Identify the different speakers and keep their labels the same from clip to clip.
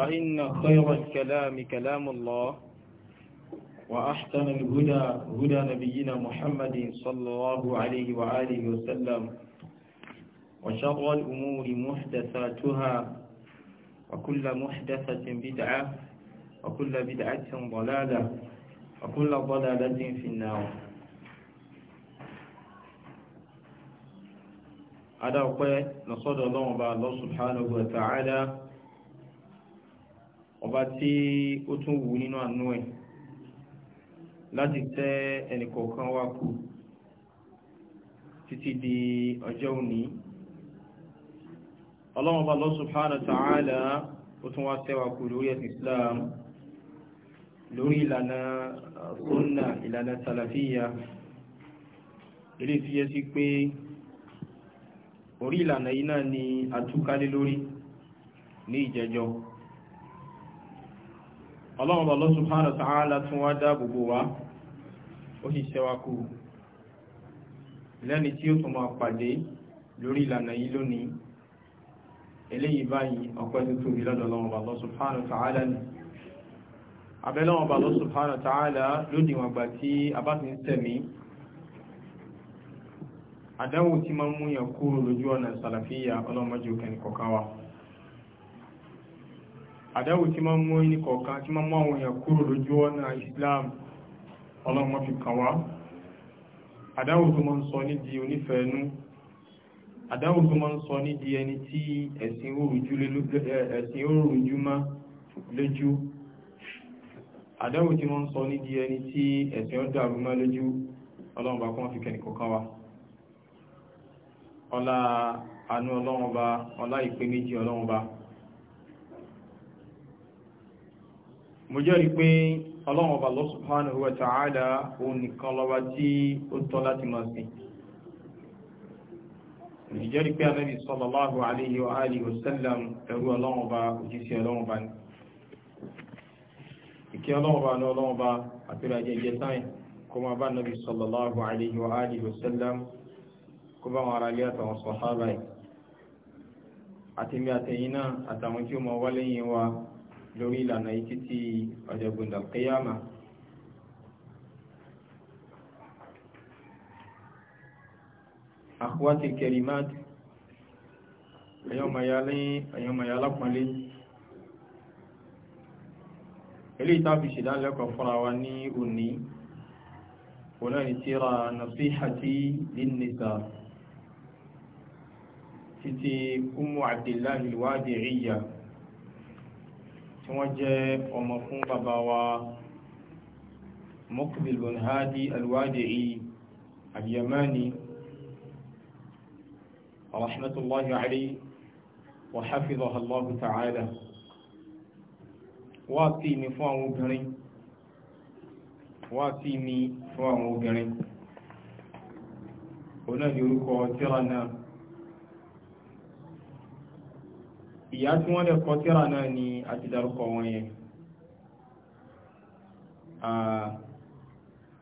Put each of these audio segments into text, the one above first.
Speaker 1: فإن خير الكلام كلام الله وأحسن الهدى هدى نبينا محمد صلى الله عليه وآله وسلم وشر الأمور محدثاتها وكل محدثة بدعة وكل بدعة ضلالة وكل ضلالة في النار هذا أقول نصد الله سبحانه وتعالى ọba tí ó tún wù nínú àánú ẹ̀ láti tẹ ẹnìkọ̀ọ̀kan wá kù títí di ọjọ́ òní ọlọ́run ọba Allah subhanahu tààlà ta'ala ó tún wá tẹ́ wá kù lórí ẹ̀sìn Islam lórí ìlànà sunna ìlànà salafiyya ilé tí sí pé orí ìlànà yìí náà ni àtúkálé lórí ní ìjẹjọ́ ọlọ́run Allah subhanahu wa ta'ala tún wá dáàbòbò wá ó sì ṣẹ́wá kú lẹ́ni tí ó tún máa pàdé lórí ìlànà yìí lónìí eléyìí báyìí ta'ala ni ta'ala wọn gbà tí a bá ti ń tẹ̀mí àdánwò tí máa ń múyàn kúrò lójú ọ̀nà àdáwò tí máa ń mú ẹni kọ̀ọ̀kan tí máa ń àwọn èèyàn kúrò lójú ọ̀nà Islam ọlọ́run wọn fi kàn wá àdáwò tó máa ń sọ ní di onífẹ̀ẹ́nú àdáwò tó máa ń sọ ní di ẹni tí ẹ̀sìn òrùjú má lójú àdáwò tí máa ń sọ ní di ẹni tí ẹ̀sìn ọ̀dàrú má lójú ọlọ́run bá kọ́ fi kẹ́ni ọlá àánú ọlọ́run bá ọlá ìpè méjì ọlọ́run bá mo jẹ́rìí pé ọlọ́run ọba Allah subhanahu wa ta'ala òun nìkan lọ́ba tí ó tọ́ láti máa sìn ìjẹ́rìí pé anábì sallallahu alayhi wa alihi wa sallam ẹ̀rú ọlọ́run ọba òjíṣẹ́ ọlọ́run ọba ni ìkẹ́ ọlọ́run ọba ní ọlọ́run ọba lórí ìlànà yìí títí ọjọ́ gbọ́dọ̀ kéyàmà. akhwati kerimat ẹ̀yọ́ mayá lápọ̀lé ilé ìtàbí ṣìdánilẹ́kọ̀ọ́ fúnra wa ní òní òní ni tíra nasihati linnisa títí umu abdullahi alwadi'iyya tí wọ́n jẹ́ ọmọ fún bàbá wa Muqbil bin Hadi al-Wadi'i al-Yamani rahmatullahi alayhi wa hafizahu Allah ta'ala wá sí ni fún àwọn obìnrin wá sí ni fún àwọn obìnrin òun tíra náà ìyá tí wọ́n lè kọ náà ni a ti dárúkọ wọn yẹn ah,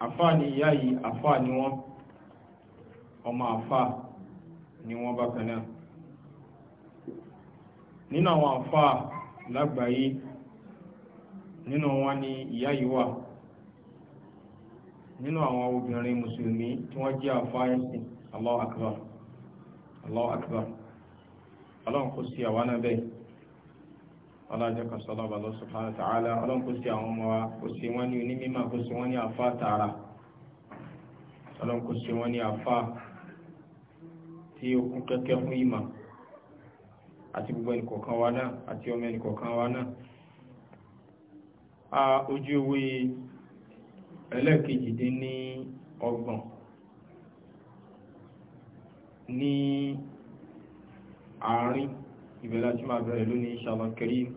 Speaker 1: àfà ni ìyá yìí ni wọ́n ọmọ àfà ni wọ́n bákan náà nínú àwọn àfà lágbàáyé nínú wọn ni ìyá yìí wà nínú àwọn obìnrin mùsùlùmí tí wọ́n jẹ́ àfà ẹ̀sìn Allahu akbar Allahu akbar ọlọ́run kò sí àwa náà bẹ́ẹ̀ ọlọ́jọ́ kan sọ́lá ọba lọ subhanahu wa ta'ala ọlọ́run kò sí àwọn ọmọ wa kò sí wọn ní onímọ̀ kò sí wọn ní àfa tààrà ọlọ́run kò sí wọn ní àfa tí okun kẹ́kẹ́ fún ìmọ̀ àti gbogbo ẹnìkọ̀ọ̀kan wa náà àti ọmọ ẹnìkọ̀ọ̀kan wa náà a ojú ewé ẹlẹ́ẹ̀kejì dín ní ọgbọ̀n ní àárín ìbẹ̀lá tí máa bẹ̀rẹ̀ lónìí inshallah karim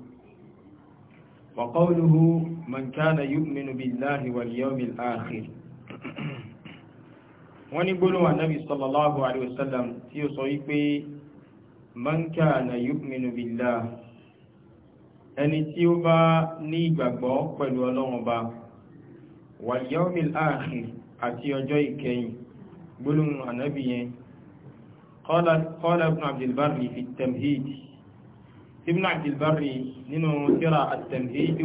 Speaker 1: wa qawluhu man kana yu'minu billahi wal yawmil akhir wọ́n ní gbólóhùn ànábì sallallahu alaihi wasallam tí ó sọ wípé man kana yu'minu billahi ẹni tí ó bá ní ìgbàgbọ́ pẹ̀lú ọlọ́run àti ọjọ́ ìkẹyìn gbólóhùn ànábì قال قال ابن عبد البر في التمهيد ابن عبد البر ننو ترى التمهيد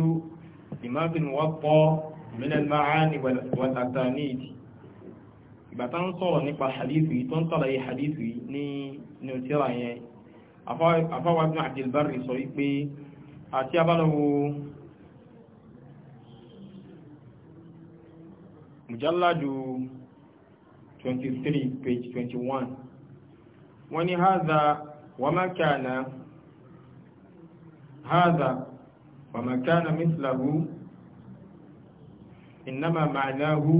Speaker 1: لما في الموطا من المعاني والأسانيد باتان صورة نقبل حديثي تنصر أي حديثي ننو ترى ابن عبد البر sọ wípé àti abálọ́wọ́ mujalladu 23 page 21 wọ́n ní haza wa ma kana haza wa ma kana mislahu innama ma'nahu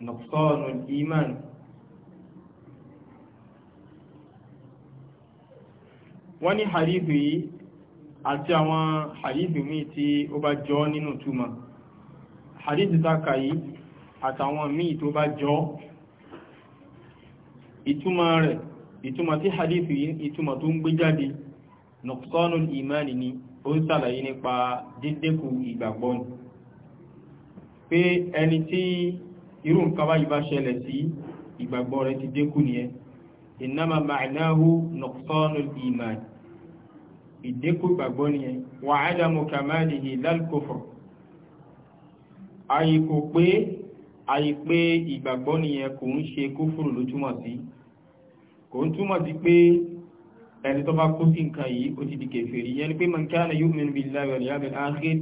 Speaker 1: nuqsanul iman wọ́n ní hadithu yìí àti àwọn hadithu míì tí ó bá jọ nínú túmọ̀ hadithu takayi àtàwọn míì tó bá jọ ìtumọ̀ rẹ̀ ìtumọ̀ tí hadith yìí ìtumọ̀ tó ń gbé jáde nuqsanul imani ni ó ń sàlàyé nípa dídẹ́kù ìgbàgbọ́ ni pé ẹni tí irú nǹkan báyìí bá ṣẹlẹ̀ sí ìgbàgbọ́ rẹ̀ ti dínkù nìyẹn innama ma'nahu nuqsanul imani ìdínkù àyíkò pé àyípé ìgbàgbọ́ nìyẹn kò ń ṣe kúfùrù ló sí kò ń túmọ̀ sí pé ẹni tó bá kó sí nǹkan yìí ó ti di kèfèrí yẹn ni pé man kana yu'minu billahi wal yawmil akhir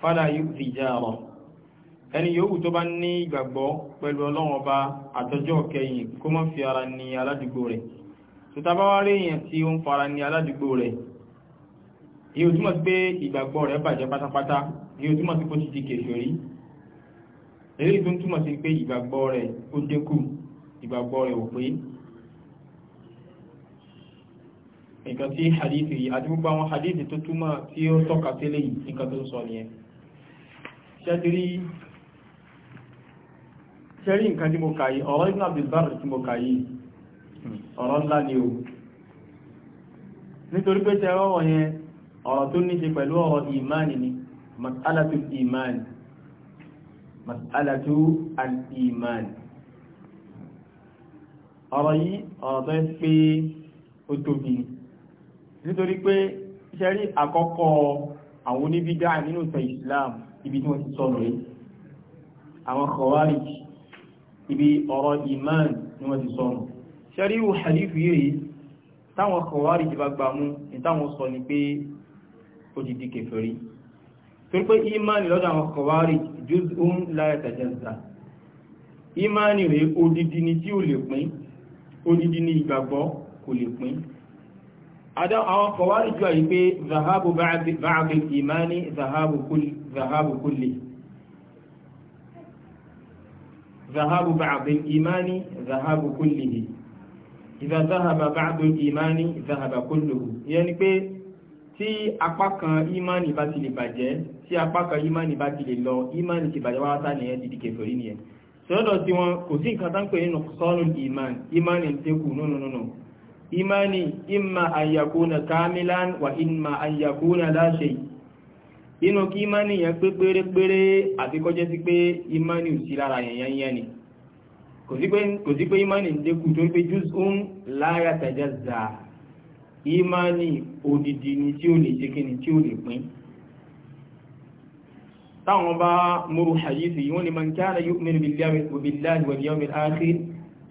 Speaker 1: fala yu'zi jarahu ẹni fi ara ní aládùúgbò rẹ̀ tó bá fara ní aládùúgbò rẹ̀ yóò túmọ̀ sí pé ìgbàgbọ́ rẹ̀ bàjẹ́ pátápátá yóò túmọ̀ sí pé ó ti di kèfèrí eléyìí tó ń túmọ̀ sí pé ìgbàgbọ́ rẹ̀ ó dínkù ìgbàgbọ́ rẹ̀ ò pé nǹkan tí hadith yìí àti gbogbo àwọn hadith tó túmọ̀ tí ó tọ́ka sílẹ̀ yìí nǹkan tó ń sọ nìyẹn ṣẹ́tìrí ṣẹ́rí nǹkan tí mo kà yìí ọ̀rọ̀ Ibn Abdul Barr tí mo kà yìí ọ̀rọ̀ ńlá ni o nítorí pé tẹ́ ọ̀rọ̀ yẹn ọ̀rọ̀ tó ní ṣe pẹ̀lú ọ̀rọ̀ ìmáàni ni mas'alatu ìmáàni mas'alatu al iman ọ̀rọ̀ yìí ọ̀rọ̀ tó ń pé ó tóbi ni nítorí pé ṣẹ́rí àkọ́kọ́ àwọn oníbídá nínú ìtàn Islam ibi tí wọ́n ti sọ̀rọ̀ yìí àwọn Khawarij ibi ọ̀rọ̀ iman ni wọ́n ti sọ̀rọ̀ ṣẹ́rí ìwò hadith yìí táwọn Khawarij bá gbà mú ní sọ ni pé la yatajazza iman rẹ̀ odidi ni tí ò lè pín odidi àwọn kọwàrí jù àyí pé zahabu ba'd al-imani zahabu kulli zahabu ba'd al-imani zahabu kullihi idha zahaba ba'd al-imani zahaba kulluhu yẹni pé tí apá kan imani bá ti lè bàjẹ́ tí apá kan imani bá ti lè lọ imani ti bàjẹ́ wá sá nìyẹn dìdì kèfèrí nìyẹn sọ́dọ̀ tí wọn kò sí nǹkan tán pé nínú sọ́nù imani imani ń tẹ́kù nínú nínú imani imma an yakuna kamilan wa imma an yakuna la shay inú kí imani yẹn pé pérépéré àti kó jẹ́ sí pé imani ò sí lára yẹn yẹn ni kò sí pé imani ń dínkù torí pé juz'un la yatajazza imani odidi ni tí ó lè ṣe kíni tí ó lè pín táwọn bá múrù hadisi wọ́n ni man kana yu'minu billahi wal yawmil akhir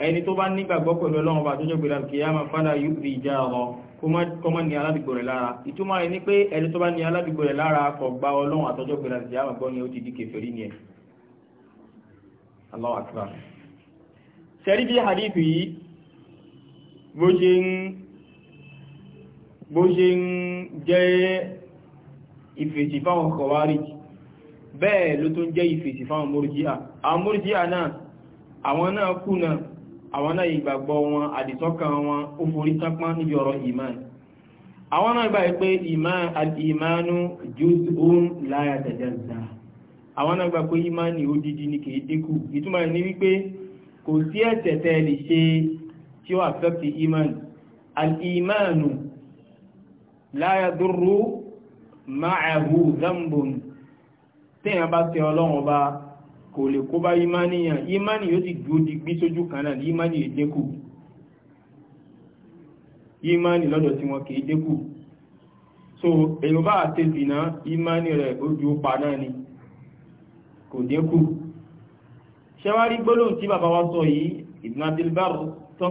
Speaker 1: ẹni tó bá nígbàgbọ́ pẹ̀lú ọlọ́run bá tójọ́ gbèrà kí a máa fádà yóò rí ìjà ọ̀rọ̀ kó mọ́ ní aládùúgbò rẹ̀ lára ìtumọ̀ rẹ̀ ni pé ẹni tó bá ní aládùúgbò rẹ̀ lára kò gba ọlọ́run àtọ́jọ́ gbèrà kí gbọ́ ni ó ti di kèfèrí ni ẹ̀ Allahu akbar sẹ́rí bí hadith yìí bó ṣe ń bó ṣe ń jẹ́ ìfèsì fáwọn kọwárí bẹ́ẹ̀ àwọn náà àwọn náà àwọn náà ìgbàgbọ́ wọn àdìsọ́kàn wọn ó forí sápán níbi ọ̀rọ̀ iman àwọn náà gbà pé ìmánú juz'un la yatajazza àwọn náà gbà pé ìmánì odidi ni kìí dínkù ìtumọ̀ ní wípé kò sí ẹ̀ṣẹ̀ tẹ́ lè ṣe tí ó affect ìmánì al-ìmánù la yadurru ma'ahu kò lè kó bá ìmánì yàn ìmánì yóò ti dúró di gbí sójú kan náà ìmánì yìí dínkù ìmánì lọ́dọ̀ tí wọn kìí dínkù so èyàn bá àti ìsìnà ìmánì rẹ̀ ojú pa náà ni kò dínkù ṣẹwárí gbólóhùn tí bàbá wa sọ yìí Ibn Abdil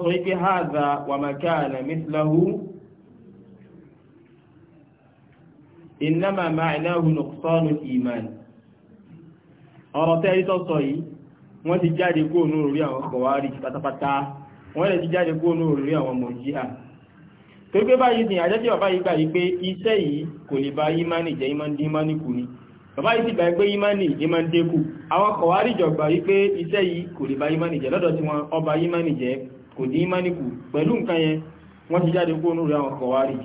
Speaker 1: wípé haza wa makana mithlahu innama ma'nahu nuqsanu al-iman ọ̀rọ̀ tẹ́ ìtọ́sọ yìí wọ́n ti jáde góònú orí àwọn kọ̀wárí pátápátá wọ́n lè ti jáde góònú orí àwọn mọ̀jíhà tó gbé báyìí sìn àjẹ́jẹ́ bàbá yìí gbà yìí pé iṣẹ́ yìí kò lè ba ìmánì jẹ́ ìmánì kù ni bàbá yìí ti gbà pé ìmánì ìmánì dínkù àwọn kọ̀wárí jọ̀gbà yìí pé iṣẹ́ yìí kò lè ba ìmánì jẹ́ lọ́dọ̀ tí wọ́n ọba ìmánì jẹ́ kò ní ìmánì kù pẹ̀lú nǹkan yẹn wọ́n ti jáde góònú orí àwọn kọ̀wárí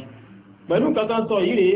Speaker 1: pẹ̀lú nǹkan tó ń sọ yìí rèé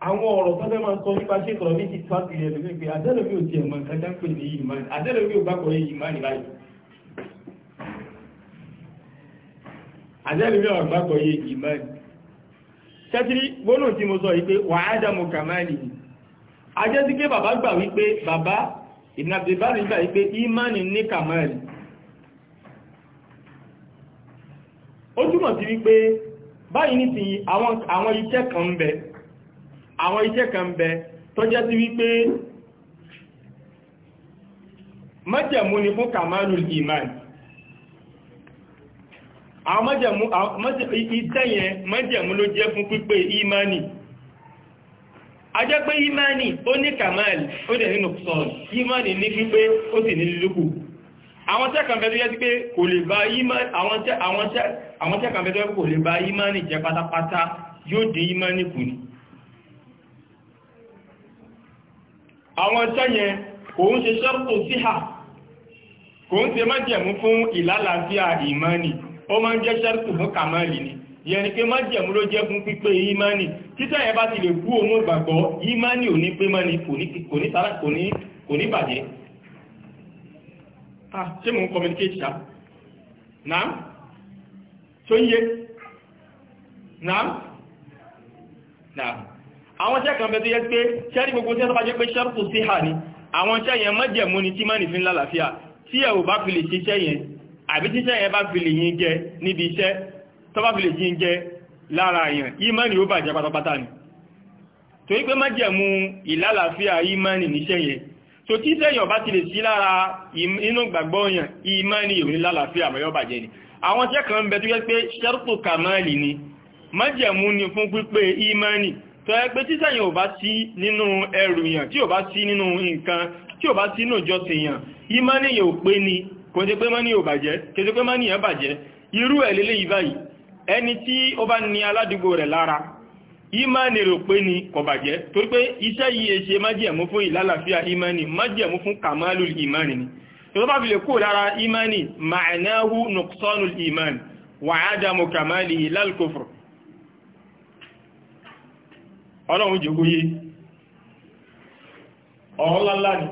Speaker 1: àwọn ọ̀rọ̀ tọ́jọ́ máa ń sọ nípa ṣe sọ̀rọ̀ méjì tó àti ilẹ̀ oti pé àjẹ́rẹ̀ ò ti ẹ̀mọ̀ nǹkan jápè ní ìmáàlì àjẹ́rẹ̀ mi ò gbàgbọ́ yé ìmáàlì báyìí àjẹ́rẹ̀ mi ò gbàgbọ́ yé ìmáàlì tẹ́tírí gbónà tí mo sọ wípé wà á dá àwọn iṣẹ́ kan bẹ tọ́jẹ́ sí wípé májẹ̀mú ni fún kamalul iman àwọn májẹ̀mú iṣẹ́ yẹn májẹ̀mú ló jẹ́ fún pípé imani a jẹ́ pé imani ó ní kamal ó dẹ̀ nínú sọ́ọ̀n imani ní pípé ó sì ní lílùkù àwọn tẹ́ kan bẹ̀rẹ̀ sí imani àwọn tẹ́ kan bẹ̀rẹ̀ kò lè imani jẹ́ pátápátá yóò dé imani kù ni àwọn tẹ́yẹn kò ń ṣe ṣẹ́rùtò síhà kò ń ṣe májẹ̀mú fún ìlàlàáfíà ìmánì ó máa ń jẹ́ ṣẹ́rùtò fún kàmáàlì ni ìyẹn ni pé májẹ̀mú ló jẹ́ fún pípé ìmánì títẹ́ yẹn bá ti lè kú òun gbàgbọ́ ìmánì ò ní pé mọ́ni kò ní bàjẹ́ ṣe àwọn iṣẹ́ kan bẹ tó yẹ pé ṣẹ́rí gbogbo iṣẹ́ tó bá jẹ́ pé ṣẹ́rùkù sí hà ní àwọn iṣẹ́ yẹn mọ́jẹ̀mú ni tí má nìfin lálàáfíà tí ẹ̀ ò bá fi lè ṣiṣẹ́ yẹn àbí tíṣẹ́ yẹn bá fi lè yín jẹ níbi iṣẹ́ tó fi lè yín jẹ lára yẹn ìmánì ó ni torí pé mọ́jẹ̀mú ìlálàáfíà ìmánì níṣẹ́ yẹn so tí sẹ́yìn ọba ti lè sí lára inú gbàgbọ́ yẹn ìmánì yòó ní lálàáfíà mọ́ yóò bàjẹ́ ni àwọn iṣẹ́ ni mọ́jẹ̀mú ni fún pípé ìmánì tọ́ ẹgbẹ́ tí sẹ́yìn ò bá sí nínú ẹrù yàn tí ò bá sí nínú nǹkan tí ò bá sí nínú ìjọsìn yàn ìmánì yàn ò pé ni kò ṣe pé mánì ò bàjẹ́ kò ṣe pé mánì yàn bàjẹ́ irú ẹ̀ lélẹ́ yìí báyìí ẹni tí ó bá ní aládùúgbò rẹ̀ lára ìmánì rẹ̀ ò pé ni kò bàjẹ́ torí pé iṣẹ́ yìí ṣe májẹ̀mú fún ìlàlàfíà ìmánì májẹ̀mú fún kàmálù ìmánì ni tó bá fi lè kó lára ìmánì ma'nahu nuqsanul ìmánì wa adamu kamalihi lal ọlọ́run jẹ́ ogóyé ọ̀rọ̀ ńláńlá ni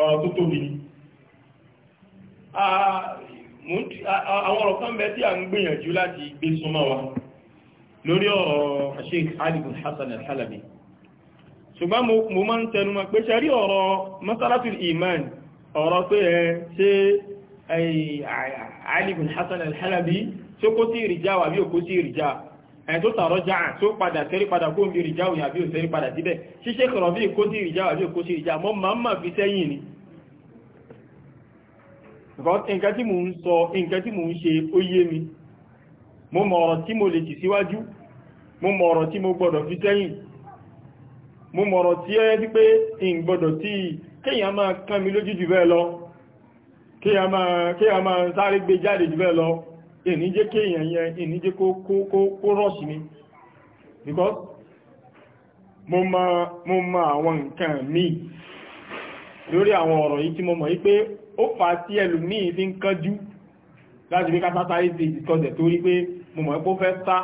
Speaker 1: ọ̀rọ̀ tó tóbi ni àwọn ọ̀rọ̀ kan bẹ tí a ń gbìyànjú láti gbé súnmọ́ wa lórí ọ̀rọ̀ Sheikh Ali bin Hassan al-Halabi ṣùgbọ́n mo máa ń tẹnu ma pé ṣẹ́rí ọ̀rọ̀ masalatul iman ọ̀rọ̀ pé ẹ ṣe Ali bin Hassan al-Halabi ṣe kó sí ìrìjá wà bí ò kó sí ìrìjá ẹni tó tààrọ já tí ó padà tẹ́rí padà kó ń bí ìrìjáwò yà bí ò tẹ́rí padà síbẹ̀ ṣíṣe kọ̀rọ̀ bí kó sí ìrìjáwò àbí òkó sí ìrìjá mọ́ máa ń máa fi sẹ́yìn ni nǹkan tí mò ń sọ nǹkan tí mò ń ṣe ó yé mi mo mo lè tì síwájú mo mọ ọ̀rọ̀ tí mo gbọ́dọ̀ fi sẹ́yìn mo mọ ọ̀rọ̀ tí ẹ́ wípé ìníjẹ́ kí èèyàn yẹn ìníjẹ́ kó rọ́ṣì ni because mo mọ àwọn nǹkan míì lórí àwọn ọ̀rọ̀ yìí tí mo mọ̀ yí pé ó fà tí ẹlòmíì fi ń kánjú láti bí kápátá ìdí ìkọsẹ̀ tó rí pé mo mọ̀ pé ó fẹ́ sá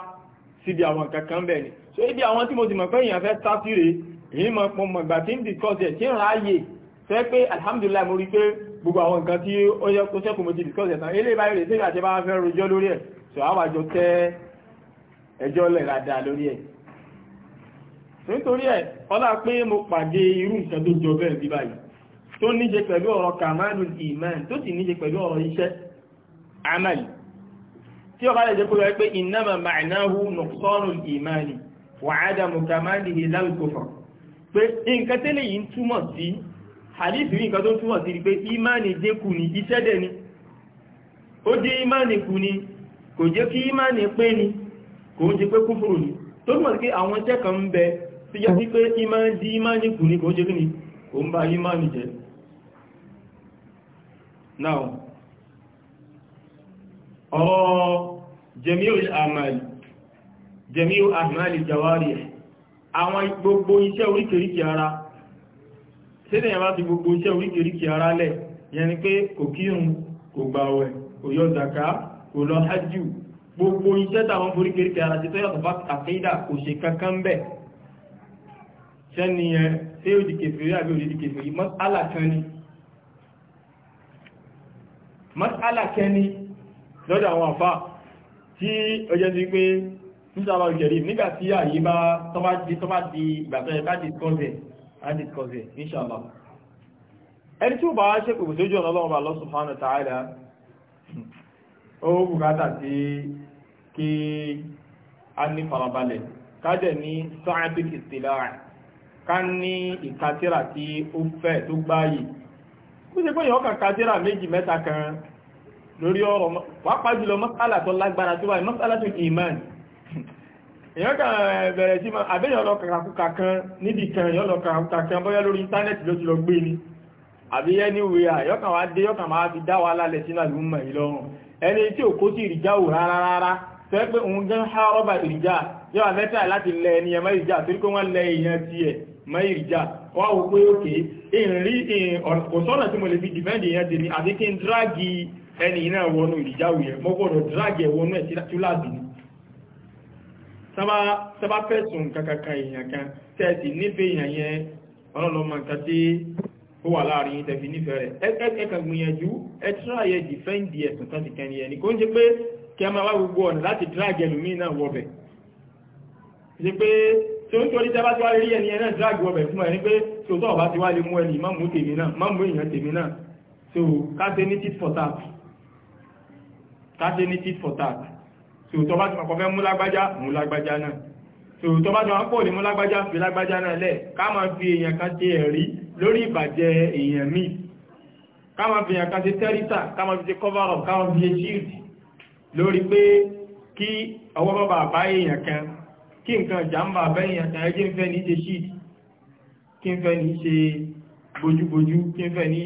Speaker 1: síbi àwọn nǹkan kan bẹ̀ ni so ibi àwọn tí mo ti mọ̀ pé èèyàn fẹ́ sá sí rèé èyí mọ̀ mọ̀ ìgbà tí ń discuss tí ń ráyè fẹ́ pé alhamdulillah mo rí pé gbogbo àwọn nǹkan tí ó yẹ kó sẹ́kùn mo ti discuss ẹ̀ tán eléyìí báyìí rèé sígbà tí a bá fẹ́ rojọ́ lórí ẹ̀ sọ àwọn àjọ tẹ́ ẹjọ́ lẹ̀ dáadáa lórí ẹ̀ nítorí ẹ̀ ọlá pé mo pàdé irú nǹkan tó jọ bẹ́ẹ̀ bí báyìí tó níje pẹ̀lú ọ̀rọ̀ kamalul iman tó sì níje pẹ̀lú ọ̀rọ̀ iṣẹ́ hadithi ní nǹkan tó túmọ̀ sí pé ìmáàni dínkù ni iṣẹ́ dẹ̀ ni ó dín imani kù ni kò jẹ́ kí imani pé ni kò ń jẹ pé kúfùrù ni tó túmọ̀ sí pé àwọn iṣẹ́ kan ń bẹ tí jẹ́ sí pé ìmáàni kù ni kò jẹ́ kí ni kò ń ba imani jẹ́ jawari àwọn gbogbo iṣẹ́ oríkèríkè ara tẹ́lẹ̀ yẹn ti gbogbo iṣẹ́ oríkèríkè ara lẹ̀ yẹn ni pé kò kírun kò gbààwẹ̀ kò yọ zàká kò lọ hajj gbogbo iṣẹ́ táwọn oríkèríkè ara ti tọ́yọ̀ tọ́fà àkídà kò ṣe kankan bẹ̀ sẹ́ni yẹn tí ó di kèfèrí àbí ó kèfèrí mas'ala kan mas'ala kan ni lọ́dọ̀ àwọn àfá tí ọjọ́ sí pé nígbàtí àyíbá tọ́bá di ìgbàtọ̀ ẹ̀ká discourse and discuss it inshallah ẹni tí ó bá ṣe pẹ̀lú sójú ọ̀nà ọlọ́run Allah subhanahu wa ta'ala ó bùkátà sí kí a ní farabalẹ̀ kájẹ̀ ní scientific istila' ká ní ìkátírà tí ó fẹ́ tó gbáyì ó ṣe pé èèyàn kan kátírà méjì mẹ́ta kan lórí ọ̀rọ̀ pàápàá mọ́sálà tó lágbára tó báyìí mọ́sálà tó ìmánì èyàn kan eh, bẹ̀rẹ̀ sí àbẹ́yàn lọ kàkàkùkà kan níbi kan èyàn lọ kàkàkùkà kan bóyá lórí íńtánẹ́ẹ̀tì ló ti ni àbí ẹni wíyà èyàn kan wá dé èyàn wa lálẹ̀ sínú àlùmọ̀ ìlọrùn ẹni tí ò kó sí ìrìjáwò rárá rárá fẹ́ pé òun gan há rọ́bà ìrìjá yóò àfẹ́tà láti lẹ ẹni ẹmọ ìrìjá torí pé wọ́n lẹ èèyàn ti ẹ̀ mọ ìrìjá wọ́n wò pé òkè ìrìnrí ọ̀sọ́nà tí mo lè fi dìfẹ́ndì èèyàn tèmi àti kí n dráàgì ẹni náà wọnú ìrìjáwò yẹn mo dráàgì ẹ̀ ẹ̀ túláàbì ni sábà fẹ̀sùn kàkàkà èèyàn kan tẹ́ẹ̀sì nífẹ̀ẹ́ èèyàn yẹn ọlọ́lọ́mọ nǹkan tí ó wà láàrin tẹ̀fì nífẹ̀ẹ́ rẹ̀ ẹ̀kà gbìyànjú ẹ̀tíra yẹ dìfẹ́ǹdì ẹ̀sùn tàbí kẹni ẹni kó ń jẹ́ pé kí a máa wá gbogbo ọ̀nà láti drag ẹlùmí náà wọ̀bẹ̀ ṣe pé tí ó ń torí tẹ́bá tí wá rí ẹni ẹ̀nà drag wọ̀bẹ̀ fún ẹni pé tí ó tọ́ọ̀bá ti wá lè mú ẹni má mú tèmi náà má mú èèyàn so káṣe ní tit for tat káṣe tòótọ́ bá ti mọ̀ kọfẹ́ múlágbájá múlágbájá náà tòótọ́ bá ti mọ̀ pọ̀ ní múlágbájá fi lágbájá náà lẹ̀ ká máa fi èèyàn kan ṣe ẹ̀rí lórí ìbàjẹ́ èèyàn míì ká máa fi èèyàn kan ṣe tẹ́rítà ká máa fi ṣe cover up ká máa fi ṣe shield lórí pé kí ọwọ́ bàbá bá èèyàn kan kí nǹkan jàǹbá bá èèyàn kan ẹjẹ́ ń fẹ́ ní ṣe shield kí ń fẹ́ ní ṣe bojúbojú kí ń fẹ́ ní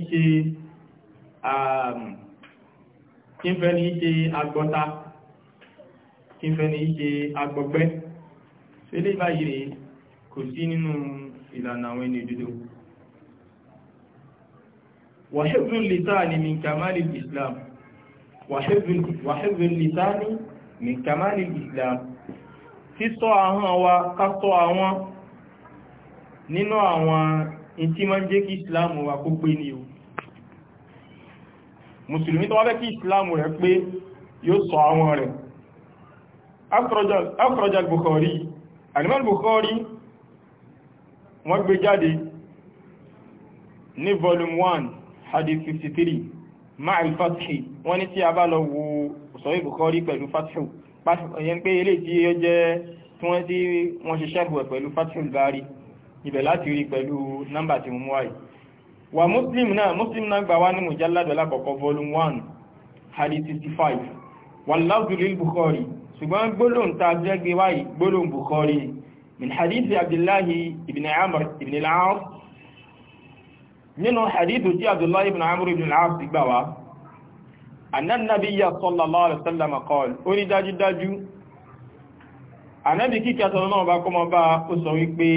Speaker 1: ṣe àgbọ́ta kí n fẹ́ ní ṣe agbọgbẹ́ sílé báyìí rèé kò sí nínú ìlànà àwọn ẹni òdodo wàhẹ́bùn lìtáàni min kàmáàlì islam wàhẹ́bùn lìtáàni min kàmáàlì islam sísọ ahọ́n wa kásọ àwọn nínú àwọn ìtí máa ń jẹ́ kí islam wa kó pé ní o mùsùlùmí tó wá fẹ́ kí islam rẹ̀ pé yóò sọ àwọn rẹ̀ afrojal bukhari Animal bukhari wọ́n gbé jáde ní volume 1 hadith 53 ma'al fathi wọ́n ní tí a bá lọ wo sọ́wé bukhari pẹ̀lú fathu yẹn pé ilé tí ó jẹ́ tí wọ́n tí wọ́n ṣe ṣẹ́bù ẹ̀ pẹ̀lú fathu bari ibẹ̀ láti rí pẹ̀lú nọ́mbà tí mú wáyé wà muslim náà muslim náà gbà wá ní mujalladu lákọ̀ọ́kọ́ volume 1 hadith 65 wal lafzu lil bukhari ṣùgbọ́n gbólóhùn ta jẹ́ gbé wáyìí gbólóhùn bukhari min hadithi abdullahi ibn amr ibn al-aas nínú hadithu tí abdullahi ibn amr ibn al-aas ti gbà wá annan nabiyya sallallahu alaihi wasallam qala ó ní dájúdájú ànábì kíkẹ́ sọ́nà náà bá kọ́mọ bá ó sọ wípé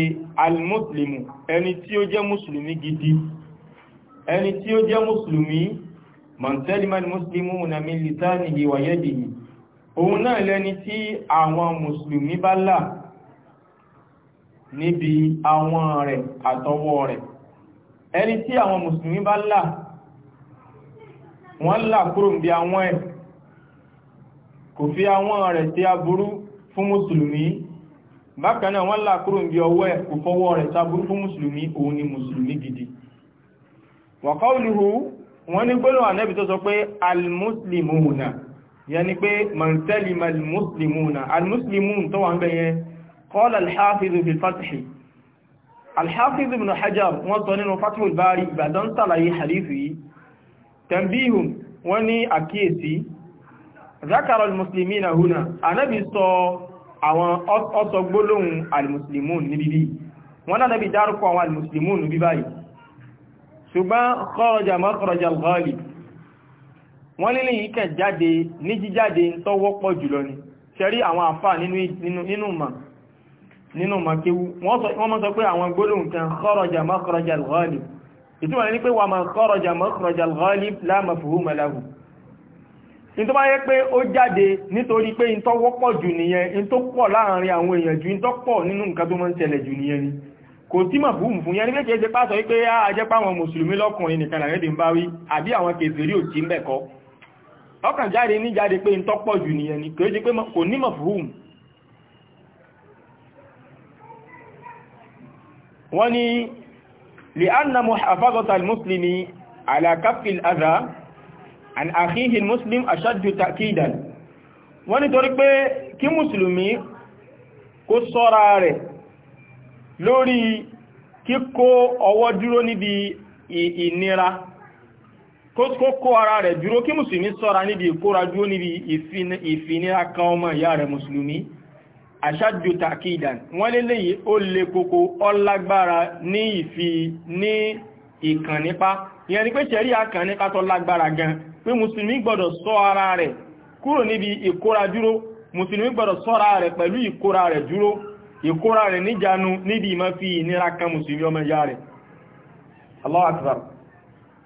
Speaker 1: al-muslimu ẹni tí ó jẹ́ mùsùlùmí gidi ẹni tí ó jẹ́ mùsùlùmí man salima al-muslimuna min lisanihi òun náà lẹ́ni tí àwọn mùsùlùmí bá là níbi àwọn rẹ̀ àtọwọ́ rẹ̀ ẹni tí àwọn mùsùlùmí bá là wọ́n là kúrò bí àwọn ẹ̀ kò fi àwọn rẹ̀ tí a burú fún mùsùlùmí bákan wọ́n là kúrò bí ọwọ́ ẹ̀ kò fọwọ́ rẹ̀ tí a burú fún mùsùlùmí òun ni mùsùlùmí gidi wàkọ́ òlùhù wọ́n ní gbólóhùn ànẹ́bì tó sọ pé almuslimuna يعني بي من سلم المسلمون المسلمون طبعا بي قال الحافظ في الفتح الحافظ بن حجر وطنين فتح الباري بعد أن صلى حديثي تنبيه وني أكيسي ذكر المسلمين هنا أنا بيصو àwọn ọ́sọ gbólóhùn alìmùsùlùmùn níbi bí wọ́n náà bí dárúkọ àwọn alìmùsùlùmùn níbi báyìí ṣùgbọ́n kọ́rọjà mọ́kọrọjà al-ghalib wọ́n nílé yìí kẹ̀ jáde ní jíjáde tó wọ́pọ̀ jùlọ ni ṣẹ́rí àwọn àfà nínú ma nínú ma kéwú wọ́n mọ́ sọ pé àwọn gbólóhùn kan kharaja makhraja al-ghalib ìtumọ̀ ní pé kò tí mọ̀ fún fún yẹn ní kéèkéé pásọ̀ wípé a jẹ́ páwọn mùsùlùmí lọ́kùnrin nìkan làrẹ́dì àbí àwọn kèfèrí ò tí ń bẹ̀kọ́ ọkàn jáde ní jáde pé ń tọ́pọ̀ jù nìyẹn ni kò jẹ́ pé kò ní mafhum wọ́n ni lè anna muhafazata al-muslimi ala kaffil adha an akhihi al-muslim ashaddu ta'kidan wọ́n ni torí pé kí mùsùlùmí kó ṣọ́ra rẹ̀ lórí kíkó ọwọ́ dúró níbi ìnira kó kó ara rẹ̀ dúró kí mùsùlùmí sọ́ra níbi ìkóra dúró níbi ìfinira kan ọmọ ìyá rẹ̀ mùsùlùmí aṣáájú takidan wọ́n lélẹ̀ yìí ó lè kókó ọlágbára ní ìfi ní ìkàn nípa ìyẹn ni pé ṣẹ̀rí àkàn nípa tó lágbára gan pé mùsùlùmí gbọ́dọ̀ sọ ara rẹ̀ kúrò níbi ìkóra dúró mùsùlùmí gbọ́dọ̀ sọ́ra rẹ̀ pẹ̀lú ìkóra rẹ̀ dúró ìkóra rẹ̀ níjànú níbi ìmọ̀ fi ìnira kan mùsùlùmí ọmọ ìyá rẹ̀ Allahu akbar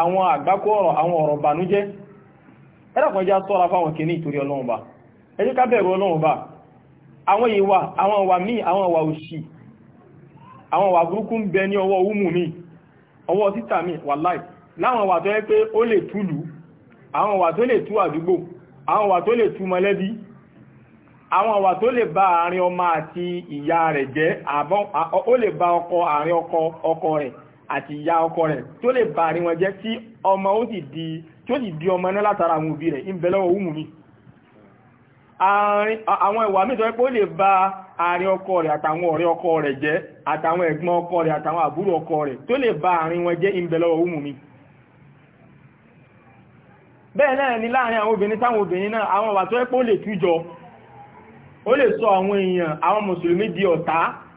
Speaker 1: àwọn àgbákò ọ̀rọ̀ àwọn ọ̀rọ̀ bànújẹ́ ẹ́dàkọjá sọ́ra fáwọn kìíní ìtorí ọlọ́run bá ẹ jẹ́ ká bẹ̀rù ọlọ́run bá àwọn ìwà àwọn ìwà míì àwọn ìwà òṣì àwọn ìwà burúkú ń bẹ ní ọwọ́ umu mi ọwọ́ títà mi wàláì láwọn ìwà tó yẹ pé ó lè túlù àwọn ìwà tó lè tú àdúgbò àti ìyá ọkọ rẹ̀ tó lè bá àárín wọn jẹ́ tí ọmọ ó sì di tí ó ọmọ látara àwọn òbí rẹ̀ ń mi àwọn ìwà pé ó lè ba àárín ọkọ rẹ̀ àtàwọn ọ̀rẹ́ ọkọ rẹ̀ jẹ́ àtàwọn ẹ̀gbọ́n ọkọ rẹ̀ àtàwọn àbúrò ọkọ rẹ̀ tó ba àárín wọn jẹ́ mi bẹ́ẹ̀ náà ni láàrin àwọn obìnrin táwọn obìnrin náà àwọn tó pé ó lè tújọ ó lè sọ àwọn èèyàn àwọn mùsùlùmí di ọ̀tá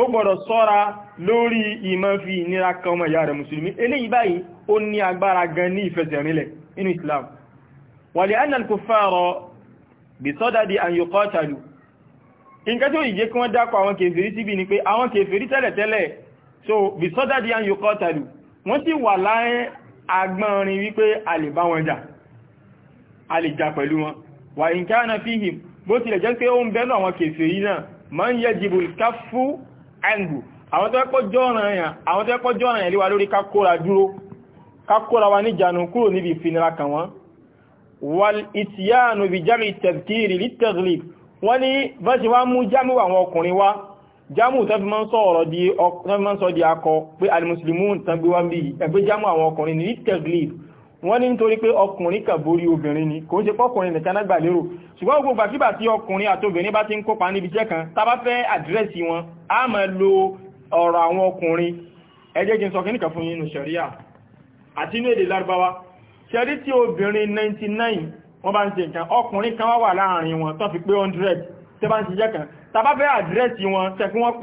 Speaker 1: ó gbọ́dọ̀ sọ́ra lórí ìmọ̀ fi ìnira kan ọmọ ìyá rẹ̀ mùsùlùmí eléyìí báyìí ó ní agbára gan ní ìfẹsẹ̀rinlẹ̀ inú islam wàlí annal kuffara bí sọ́dádì an yuqatalu nǹkan tí ó ìjẹ́ kí wọ́n dákọ̀ àwọn kèfèrí síbi ni pé àwọn kèfèrí tẹ́lẹ̀tẹ́lẹ̀ so bí sọ́dádì an yuqatalu wọ́n sì wà láyé agbọ́nrin wípé a lè bá wọn jà a lè jà bó tilẹ̀ jẹ́ pé ó ń bẹ́nu àwọn kèfèrí náà man yajibu al-kaffu anhu àwọn tó ẹkọ́ jọ́ràn yàn àwọn tó ẹkọ́ jọ́ràn yàn léwa lórí kákóra dúró kákóra wa níjànú kúrò níbi ìfinira kan wọ́n wal ìtìyànù bí jami tẹ̀kìrì lítẹ̀glib wọ́n ní bẹ́sí wá mú jami àwọn ọkùnrin wá jamu tẹ́fí máa ń di akọ pé alimuslimun tẹ́gbé wá bí ẹgbẹ́ jamu wọ́n ní nítorí pé ọkùnrin kan borí obìnrin ni kò ń ṣe pọ́kùnrin nìkan náà gbà lérò ṣùgbọ́n gbogbo àkíbà tí ọkùnrin àtobìnrin bá ti ń kópa níbi iṣẹ́ kan tá fẹ́ àdírẹ́sì wọn a máa lo ọ̀rọ̀ àwọn ọkùnrin ẹ jẹ́ kí n sọ kí nìkan fún yín nù ṣẹ̀ríà àti inú èdè lárúbáwá ṣẹ̀rí tí obìnrin 99 wọ́n bá ń ṣe nǹkan ọkùnrin kan wà láàrin wọn tó fi pé 100 tẹ́ bá ń ṣiṣẹ́ kan tá bá fẹ́ àdírẹ́sì wọn tẹ́kún wọn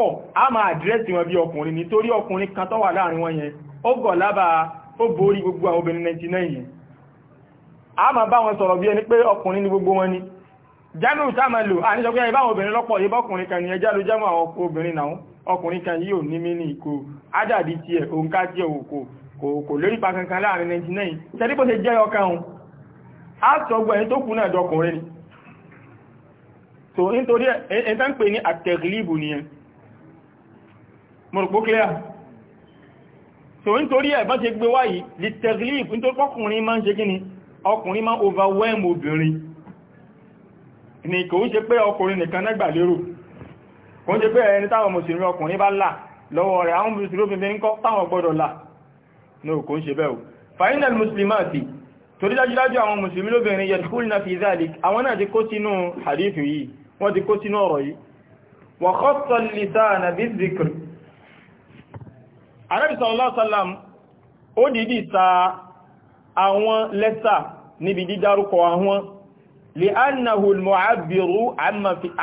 Speaker 1: ó borí gbogbo àwọn obìnrin 99 yìí a ma bá wọn sọ̀rọ̀ bí ẹni pé ọkùnrin ní gbogbo wọn ni jálù táàmà lò a níṣọ́ pé ẹ báwọn obìnrin lọ́pọ̀ yìí bọ́kùnrin kan ẹjá ló jámọ̀ àwọn obìnrin náà ọkùnrin kan yìí ní mí òkò kò lórí pa kankan láàrin 99 so nítorí ẹ̀bá ṣe gbé wáyìí lè tẹ̀glif nítorí pọ́kùnrin máa ń ṣe kíni ọkùnrin máa overwhelm obìnrin ni kò ń ṣe pé ọkùnrin nìkan nẹ́gbà lérò kò ń ṣe pé ẹni táwọn mùsùlùmí ọkùnrin bá là lọ́wọ́ rẹ̀ àwọn mùsùlùmí ń kọ́ táwọn gbọ́dọ̀ là no kò ń ṣe Ànábì sallallahu alaihi wasallam ó dìdí ta àwọn lẹ́tà níbi dídárúkọ àwọn lè annahul mu'abbiru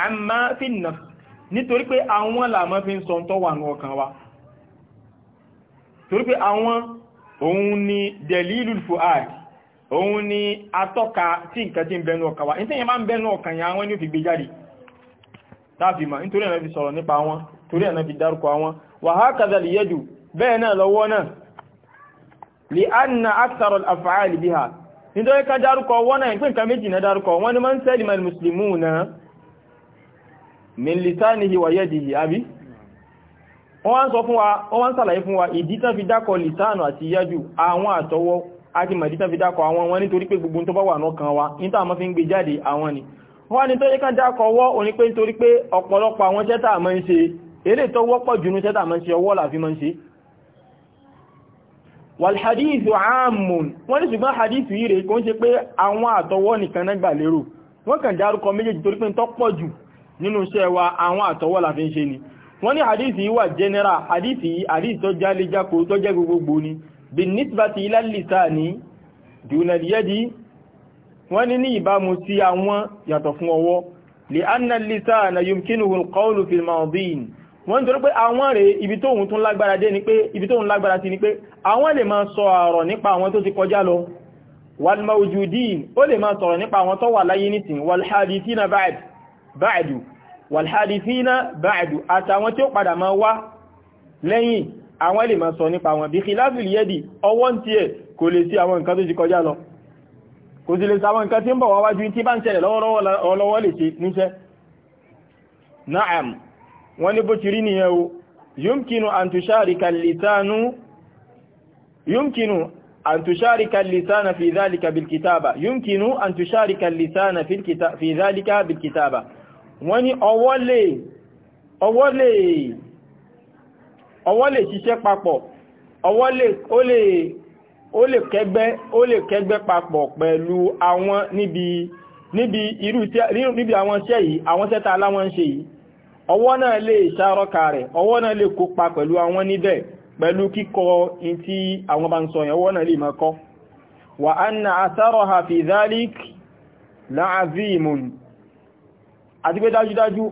Speaker 1: amma fi nafs nítorí pé àwọn làmọ́ fi ń sọ tó wà ní ọkàn wa torí pé àwọn òun ni delilul fu'ad òun ni atọ́ka tí nǹkan tí ń bẹnu ọkàn wa ìtẹ́yìn máa ń bẹnu ọkàn yà àwọn ní ó fi gbé jáde tàbí ma nítorí ẹ̀nà fi sọ̀rọ̀ nípa wọn torí ẹ̀nà fi dárúkọ wọn wà hákàzà lè yẹ́dù bẹ́ẹ̀ náà lọ́wọ́ náà lè anna aksaro alfa'ali biha nítorí ká dárúkọ wọ́n náà ìpín nǹkan méjì náà dárúkọ wọ́n ni man salima almuslimuna min lisanihi wa yadihi àbí wọ́n ń sọ wa wọ́n ń sàlàyé fún wa ìdí tán fi dákọ̀ lisanu fi àwọn gbogbo wa fi àwọn wàlhadíìsù ààmùn wọ́n ní ṣùgbọ́n hadíìsù yìí rẹ̀ kò ń ṣe pé àwọn àtọwọ́ nìkan náà gbà lérò wọ́n kàn dárúkọ méjèèjì torí pé ń tọ́pọ̀ jù nínú iṣẹ́ wa àwọn àtọwọ́ la fi ń ṣe ni wọ́n ní hadíìsù yìí wà general hadíìsù yìí hadíìsù tó jálé jákò tó jẹ́ gbogbogbò ni bí nísbàtí ilálìsà ní wọ́n nítorí pé àwọn rẹ̀ ibi tó ń tún lágbára dé ni pé ibi tó ń lágbára sí ni pé àwọn lè máa sọ ọ̀rọ̀ nípa àwọn tó ti kọjá lọ wal mawjudin ó lè máa sọ̀rọ̀ nípa àwọn tó wà láyé nìsìn wal hadithina ba'du wal hadithina ba'du àtàwọn tí ó padà máa wá lẹ́yìn àwọn lè máa sọ nípa àwọn bí khilafil yadi ọwọ́ ń tiẹ̀ kò lè sí na'am wọ́n ní bó ti rí nìyẹn o yumkinu an tusharika al-lisanu yumkinu an tusharika al-lisana fi dhalika bil kitaba yumkinu an tusharika al-lisana fi kitaba fi dhalika bil kitaba wọ́n ní ọwọ́ lè ọwọ́ lè ọwọ́ lè ṣiṣẹ́ papọ̀ ọwọ́ lè ó lè ó lè kẹgbẹ́ ó lè kẹgbẹ́ papọ̀ pẹ̀lú àwọn níbi níbi irú níbi àwọn iṣẹ́ yìí àwọn iṣẹ́ tá ọwọ́ náà lè ṣàrọ́kà rẹ̀ ọwọ́ náà lè kópa pẹ̀lú àwọn níbẹ̀ pẹ̀lú kíkọ in tí àwọn bá ń sọ yẹn ọwọ́ náà lè máa kọ́ wa anna atharaha fi dhalik la'azimun àti pé dájúdájú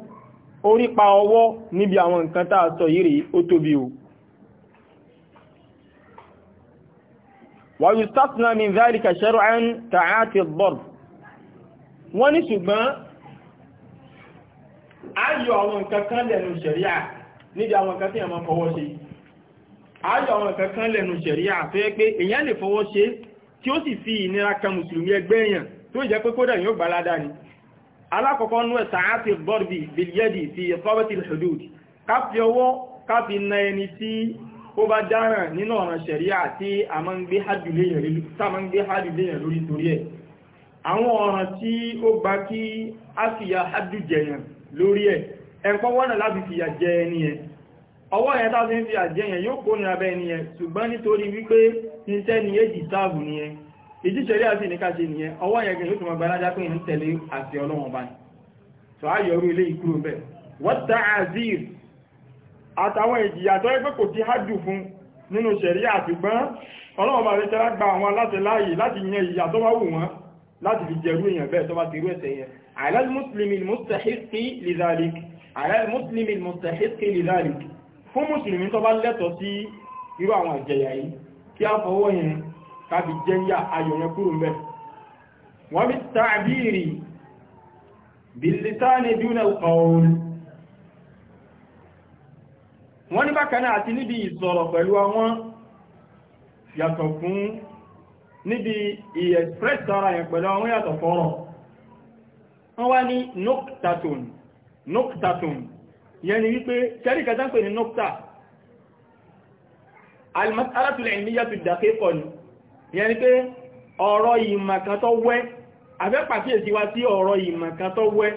Speaker 1: orípa ọwọ́ níbi àwọn nǹkan tá sọ yìí ó tóbi o wọ́n ní ṣùgbọ́n a yọ àwọn nǹkan kan lẹ́nu ṣẹ̀ríà níbi àwọn nǹkan tí ẹ̀mọ́ fọwọ́ ṣe a yọ àwọn nǹkan kan lẹ́nu ṣẹ̀ríà tó yẹ pé èèyàn lè fọwọ́ ṣe tí ó sì fi ìnira kan mùsùlùmí ẹgbẹ́ èèyàn tó jẹ́ pé kódà yóò gbalada ni alákọ̀ọ́kọ́ nú ẹ̀sà àti bọ́ọ̀dì bìlíẹ́dì ti ẹ̀fọ́bẹ́tì hudud ká fi ọwọ́ ká fi na ẹni tí ó bá dáràn nínú ọ̀ràn ṣẹ̀ríà tí a máa ń gbé hádùléyàn lórí torí ẹ̀ àwọn ọ̀ràn tí ó gba kí á fi ya hádùjẹyàn lórí ẹ̀ ẹ̀pọ̀ wọ́nà láti fìyà jẹ ẹni ẹ̀ ọwọ́ ẹ̀ tàbí ń fìyà jẹ yóò kó ní abẹ́ ẹni ẹ̀ ṣùgbọ́n nítorí wípé iṣẹ́ ni é jì táàbù ni ẹ ìjíṣẹ́lẹ̀ àti ìníkàṣe ni ẹ ọwọ́ ẹ̀ gẹ̀ẹ́ yóò tún agbálájá pé ń tẹ̀lé àti ọlọ́wọ̀n bá ní tó á yọrú ilé ìkúrò bẹ̀ wọ́n ta azir àtàwọn ìjìyà tó ẹgbẹ́ kò ti hádù fún nínú ṣẹ̀ríà àtìgbọ́n ọlọ́wọ̀n bá rẹ̀ tẹ́lá gba àwọn aláṣẹ láàyè láti yan ìyà tó bá wù wọ́n láti fi jẹrú èèyàn bẹ́ẹ̀ tó bá ti rú ẹ̀ṣẹ̀ yẹn على المسلم المستحق لذلك على المسلم المستحق لذلك fún mùsùlùmí tó bá lẹ́tọ̀ọ́ sí irú àwọn àjẹyà yìí kí a fọwọ́ yẹn kábi jẹ́yà ayọ̀yẹn kúrò mẹ́ wọ́n bí tàbíìrì bìlìtánì dúnà qawl wọ́n ní bákanáà àti níbi ìsọ̀rọ̀ pẹ̀lú àwọn yàtọ̀ fún níbi ìexpress ara yẹn pẹ̀lú àwọn yàtọ̀ fọ́rọ̀ wọ́n wá ní noctaton noctaton yẹn ni wípé ṣẹ́ríkà tán pè ní nocta almasalatul ilmiyatu daqiqon ni yẹn ni pé ọ̀rọ̀ ìmọ̀kan tó wẹ́ afẹ́pàkíyèsí wa sí ọ̀rọ̀ ìmọ̀kan tó wẹ́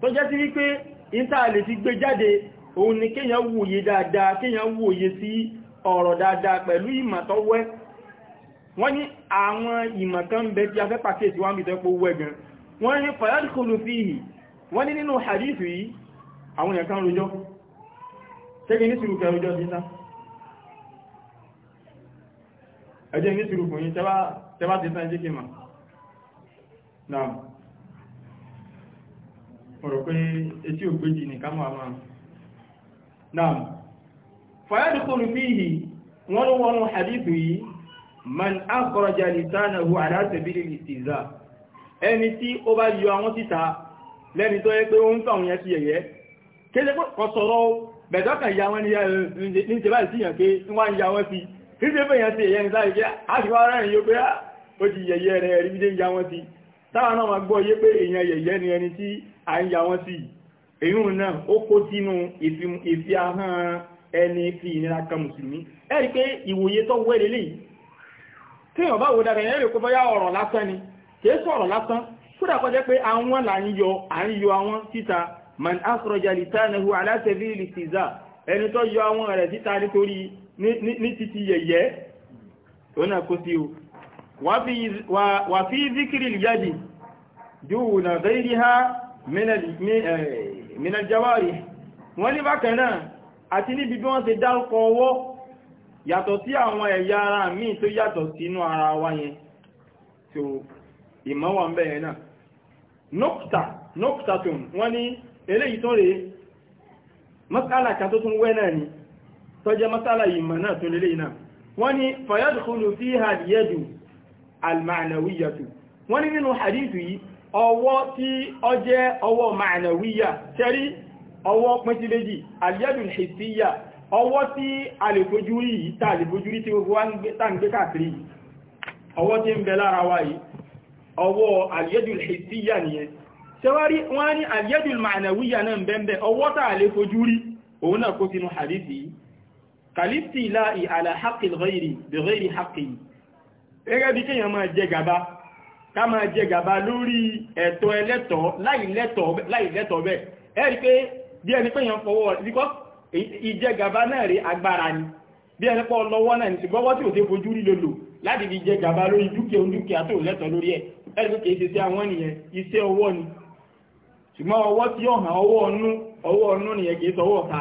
Speaker 1: tó jẹ́ sí wípé ìta lè ti gbé jáde òun ni kíyàn wòye dáadáa kíyàn wòye sí ọ̀rọ̀ dáadáa pẹ̀lú ìmọ̀ tó wẹ́ wọ́n ní àwọn ìmọ̀ kan bẹ tí afẹ́pàkíyèsí wa ń bìtẹ́pọ̀ wẹ́gan wọ́n ní fàyádìkòlù fíhì wọ́n ni nínú hadithu yìí àwọn èèyàn kan rojọ́ tẹ́gbẹ̀ ní sírùkù ẹrùjọ́ títà ẹjẹ́ ní sírùkù yìí tẹ́bá títà ẹjẹ́ kí ma náà ọ̀rọ̀ pé etí ògbéjì ní ká máa máa náà fàyádìkòlù man akọrọjà lìtánàwó ala sabili al ẹni tí ó bá yọ àwọn síta lẹ́ni tó yẹ pé ó ń fà òun yẹn sí ẹ̀yẹ́ kéde kọ́ sọ̀rọ̀ bẹ̀dọ́kà ya wọn ní ṣe báyìí síyàn pé wọ́n ya wọn sí kíse pé yẹn sí ẹ̀yẹ́ ní sáré pé a wá rẹ̀rìn yóò ti yẹ̀yẹ́ rẹ̀ sí táwọn ni ẹni a ń ya wọn sí èyún náà ó kó sínú ìfi ahọ́n ẹni fi ìnira kan mùsùlùmí ẹ̀rí pé kìí sọ̀rọ̀ lásán kódà kó jẹ́ pé àwọn là ń yọ à ń yọ àwọn síta man asraja lisanahu ala sabili istiza ẹni tó yọ àwọn rẹ̀ síta nítorí ní títí yẹ̀yẹ́ tó náà kó sí o wà fi zikiri yadi duna ghayriha min al-jawari eh, wọ́n ní bákan náà àti níbi bí wọ́n ṣe dárúkọ ọwọ́ yàtọ̀ sí àwọn ẹ̀yà ara míì tó yàtọ̀ sínú ara wa yẹn ìmọ̀ wà ń bẹ̀rẹ̀ náà nọ́kùtà nọ́kùtà tó ń wọ́n ní eléyìí tó rèé masala kan tó tún wẹ́ náà ni tó jẹ́ masala ìmọ̀ náà tó lélẹ̀ náà wọ́n ní fayadkhulu fiha al-yadu al-ma'nawiyyatu wọ́n ní nínú hadithu yìí ọwọ́ tí ó jẹ́ ọwọ́ ma'nawiyya tẹ́rí ọwọ́ pẹ́tíléjì al-yadu ọwọ́ tí alìfojúrí yìí tààlìfojúrí tí gbogbo wa ń gbé káàkiri ọwọ́ tí ń bẹ lára wa ọwọ́ àlìyẹ́dùl hìsíyà nìyẹn ṣẹwárí wọ́n ní àlìyẹ́dùl mànàwíyà náà bẹ́ẹ̀bẹ́ ọwọ́ tàà lè fojú rí òun náà kó sínú hadithi kàlìsì láì àlàhàkìl ghairi bi ghairi haqqihi gẹ́gẹ́ bí kéèyàn máa jẹ gàba ká máa jẹ gàba lórí ẹ̀tọ́ ẹlẹ́tọ̀ọ́ láì lẹ́tọ̀ọ́ bẹ́ẹ̀ ẹ̀rí pé bí ẹni pé èèyàn fọwọ́ because ìjẹ gàba náà rí agbára ni bí pọ́ lọ́wọ́ náà ní ṣùgbọ́wọ́ tí ò tẹ́ fojú rí lòlò láti fi jẹ gàba lórí dúkìá dúkìá tó lẹ́tọ̀ọ́ lórí ẹ̀ ẹ̀rí pé kìí ṣe sí àwọn ènìyàn iṣẹ́ ọwọ́ ni ṣùgbọ́n ọwọ́ tí ó hàn ọwọ́ ọnú ọwọ́ ọnú nìyẹn kìí sọwọ́ ọ̀ta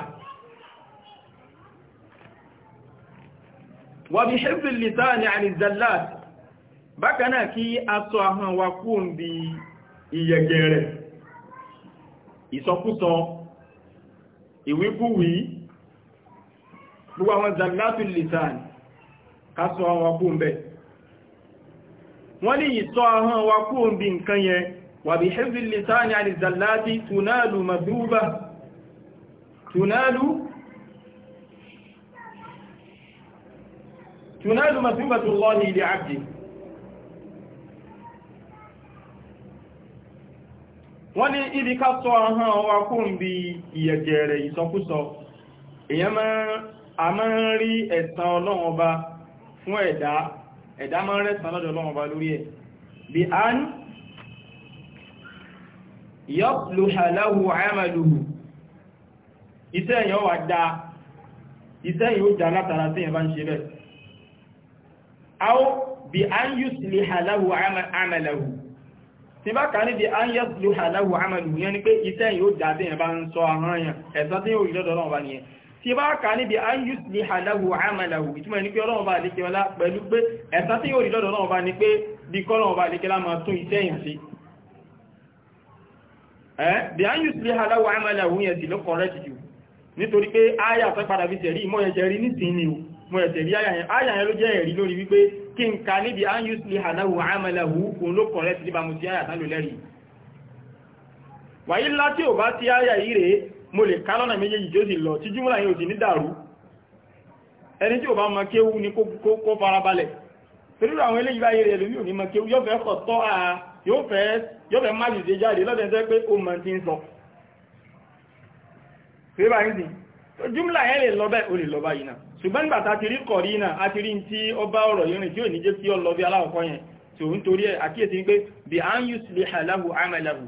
Speaker 1: wà bí ṣẹ́fì lìtá ní àrìzàláàt bákanáà kí a sọ ahọ́n wa kúrò ìyẹ̀gẹ̀rẹ̀ ìsọkúsọ wọ́n ní ìtọ́ ahọ́n wa kú ń bí nǹkan yẹn wà bí hifzi lisani àdìzàláti tunalu tunalu tó lọ́ ní ilé wọ́n ní ibi ká tọ́ ahọ́n wa kú ń bí ìyẹ̀gẹ̀rẹ̀ ìsọkúsọ èyàn máa ẹ̀dá máa ń rẹ̀sán lọ́dọ̀ Ọlọ́run ọba lórí ẹ̀ bí a ń yọ́pùlù aláwò àyàmàlùhù iṣẹ́ èèyàn wà dá iṣẹ́ èèyàn ó dá látara tí èèyàn bá ń ṣe bẹ́ẹ̀ áwọ́ bí a ń yùsùlù aláwò àmàlùhù tí bá kà ní bí a ń yọ́pùlù aláwò àmàlùhù yẹn ni pé iṣẹ́ èèyàn ó dá tí èèyàn ń sọ ahọ́n yẹn ẹ̀sán tí èèyàn rí lọ́dọ̀ Ọlọ́run ọba nìyẹn tí bá kà níbi ayus ní àdáwò àmàlàwò ìtumọ̀ ní pé ọlọ́run bá àdíkẹ́ ọlá pẹ̀lú pé ẹ̀san tí yóò rí lọ́dọ̀ ọlọ́run bá ní pé bí kọ́lọ́run bá àdíkẹ́ lá máa tún iṣẹ́ yìí sí ẹ́ bí ayus ní àdáwò àmàlàwò yẹn sì ló correct jù nítorí pé áyà tó padà fi tẹ̀rí mọ́ ẹ̀jẹ̀ rí nísìnyí o mọ́ ẹ̀jẹ̀ rí áyà yẹn ló jẹ́ ẹ̀rí lórí wípé kí n ka níbi ayus ní àdáwò àmàlàwò òun ló correct níbàmù sí áyà tán ló lẹ́rìí wàyí ńlá tí ò bá mo lè ká lọ́nà méjèèjì tí ó sì lọ tí jùmúlà yóò ti ní dàrú ẹni tí ò bá mọ kéwú ni kó farabalẹ̀ torí àwọn eléyìí báyìí rẹ̀ lómi ò ní mọ kéwú yóò fẹ́ kọ̀ tọ́ a yóò fẹ́ má lè jáde lọ́dẹ̀ tẹ́ pé ó mọ ti ń sọ pébà ń sìn jùmúlà yẹn lè lọ bẹ́ẹ̀ ó lè lọ báyìí náà ṣùgbọ́n a ti rí kọ̀rí náà a ti rí tí ó bá ọ̀rọ̀ yìí rìn tí ò ní jẹ́ kí ọ lọ bí aláwọ̀kọ́ yẹn tí òun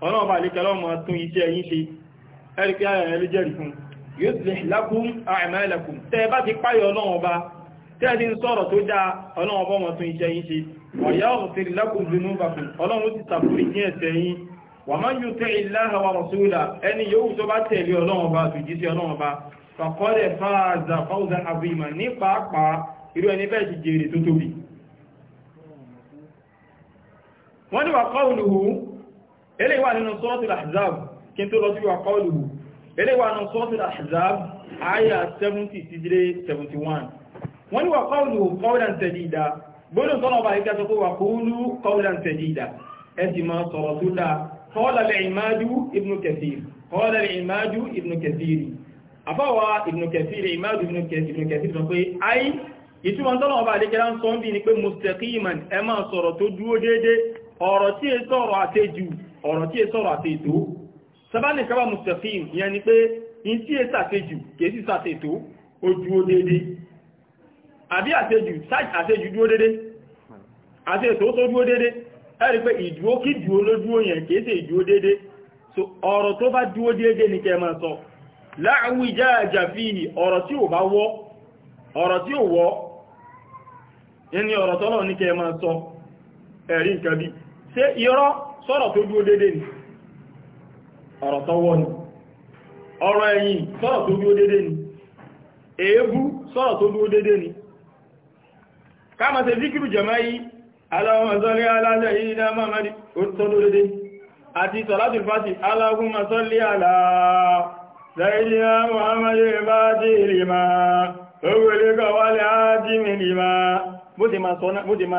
Speaker 1: ọlọ́run bá lékẹ́ lọ́mọ tún iṣẹ́ yín ṣe ẹ̀rìkẹ́ ayẹyẹ ló jẹ́rìí fún yuslih lakum a'malakum tẹ́ bá ti páyọ̀ ọlọ́run bá tẹ́ ti ń sọ̀rọ̀ tó dáa ọlọ́run bọ́ mọ̀ tún iṣẹ́ yín ṣe wa yaghfir lakum dhunubakum ọlọ́run ti tàbùrì ní ẹ̀ṣẹ̀ yín wa man yuti' illaha wa rasulahu ẹni yóò tó bá tẹ̀lé ọlọ́run bá tùjíṣẹ́ ọlọ́run bá faqad faza fawzan azima ní pàápàá irú ẹni wọ́n ni wà qawluhu eléyìí wà nínú suratul ahzab kí n tó lọ sí wa qawluhu eléyìí wà nínú suratul ahzab àyà 70 sí dé 71 wọ́n ní wa qawluhu qawlan sadida gbóòlù sọ́nà ọba ìgbà tó kó wa qulu qawlan sadida ẹ sì máa sọ̀rọ̀ tó dáa qala al-Imad ibn Kathir qala al-Imad ibn Kathir àbáwà ibn Kathir Imad ibn Kathir sọ pé ayé ìtumọ̀ tọ́lọ̀ ọba àdékẹ́lá ń sọ ń bí ní pé mustaqiman ẹ máa sọ̀rọ̀ tó dúó déédé ọ̀rọ̀ tí è sọ̀rọ̀ àtẹ́jù ọ̀rọ̀ tí è sọ̀rọ̀ àti ètò sábàánì kábà mustaqim ìyẹn ni pé in tí è sàtejù kìí sì sàtètò ó dúró déédé àbí àtejù àtejù dúró déédé ase ètò tó dúró déédé ẹ̀rí pé ìdúró kí dúró ló dúró yẹn kìí sì so tó bá ṣe sọ̀rọ̀ tó dúró dédé ni ọ̀rọ̀ tọwọ́ ni ọ̀rọ̀ ẹ̀yìn sọ̀rọ̀ tó dúró dédé ni èébú sọ̀rọ̀ tó dúró dédé ni káàmà ṣe zikiru jama'i Allahumma salli ala sayyidina Muhammad fati ma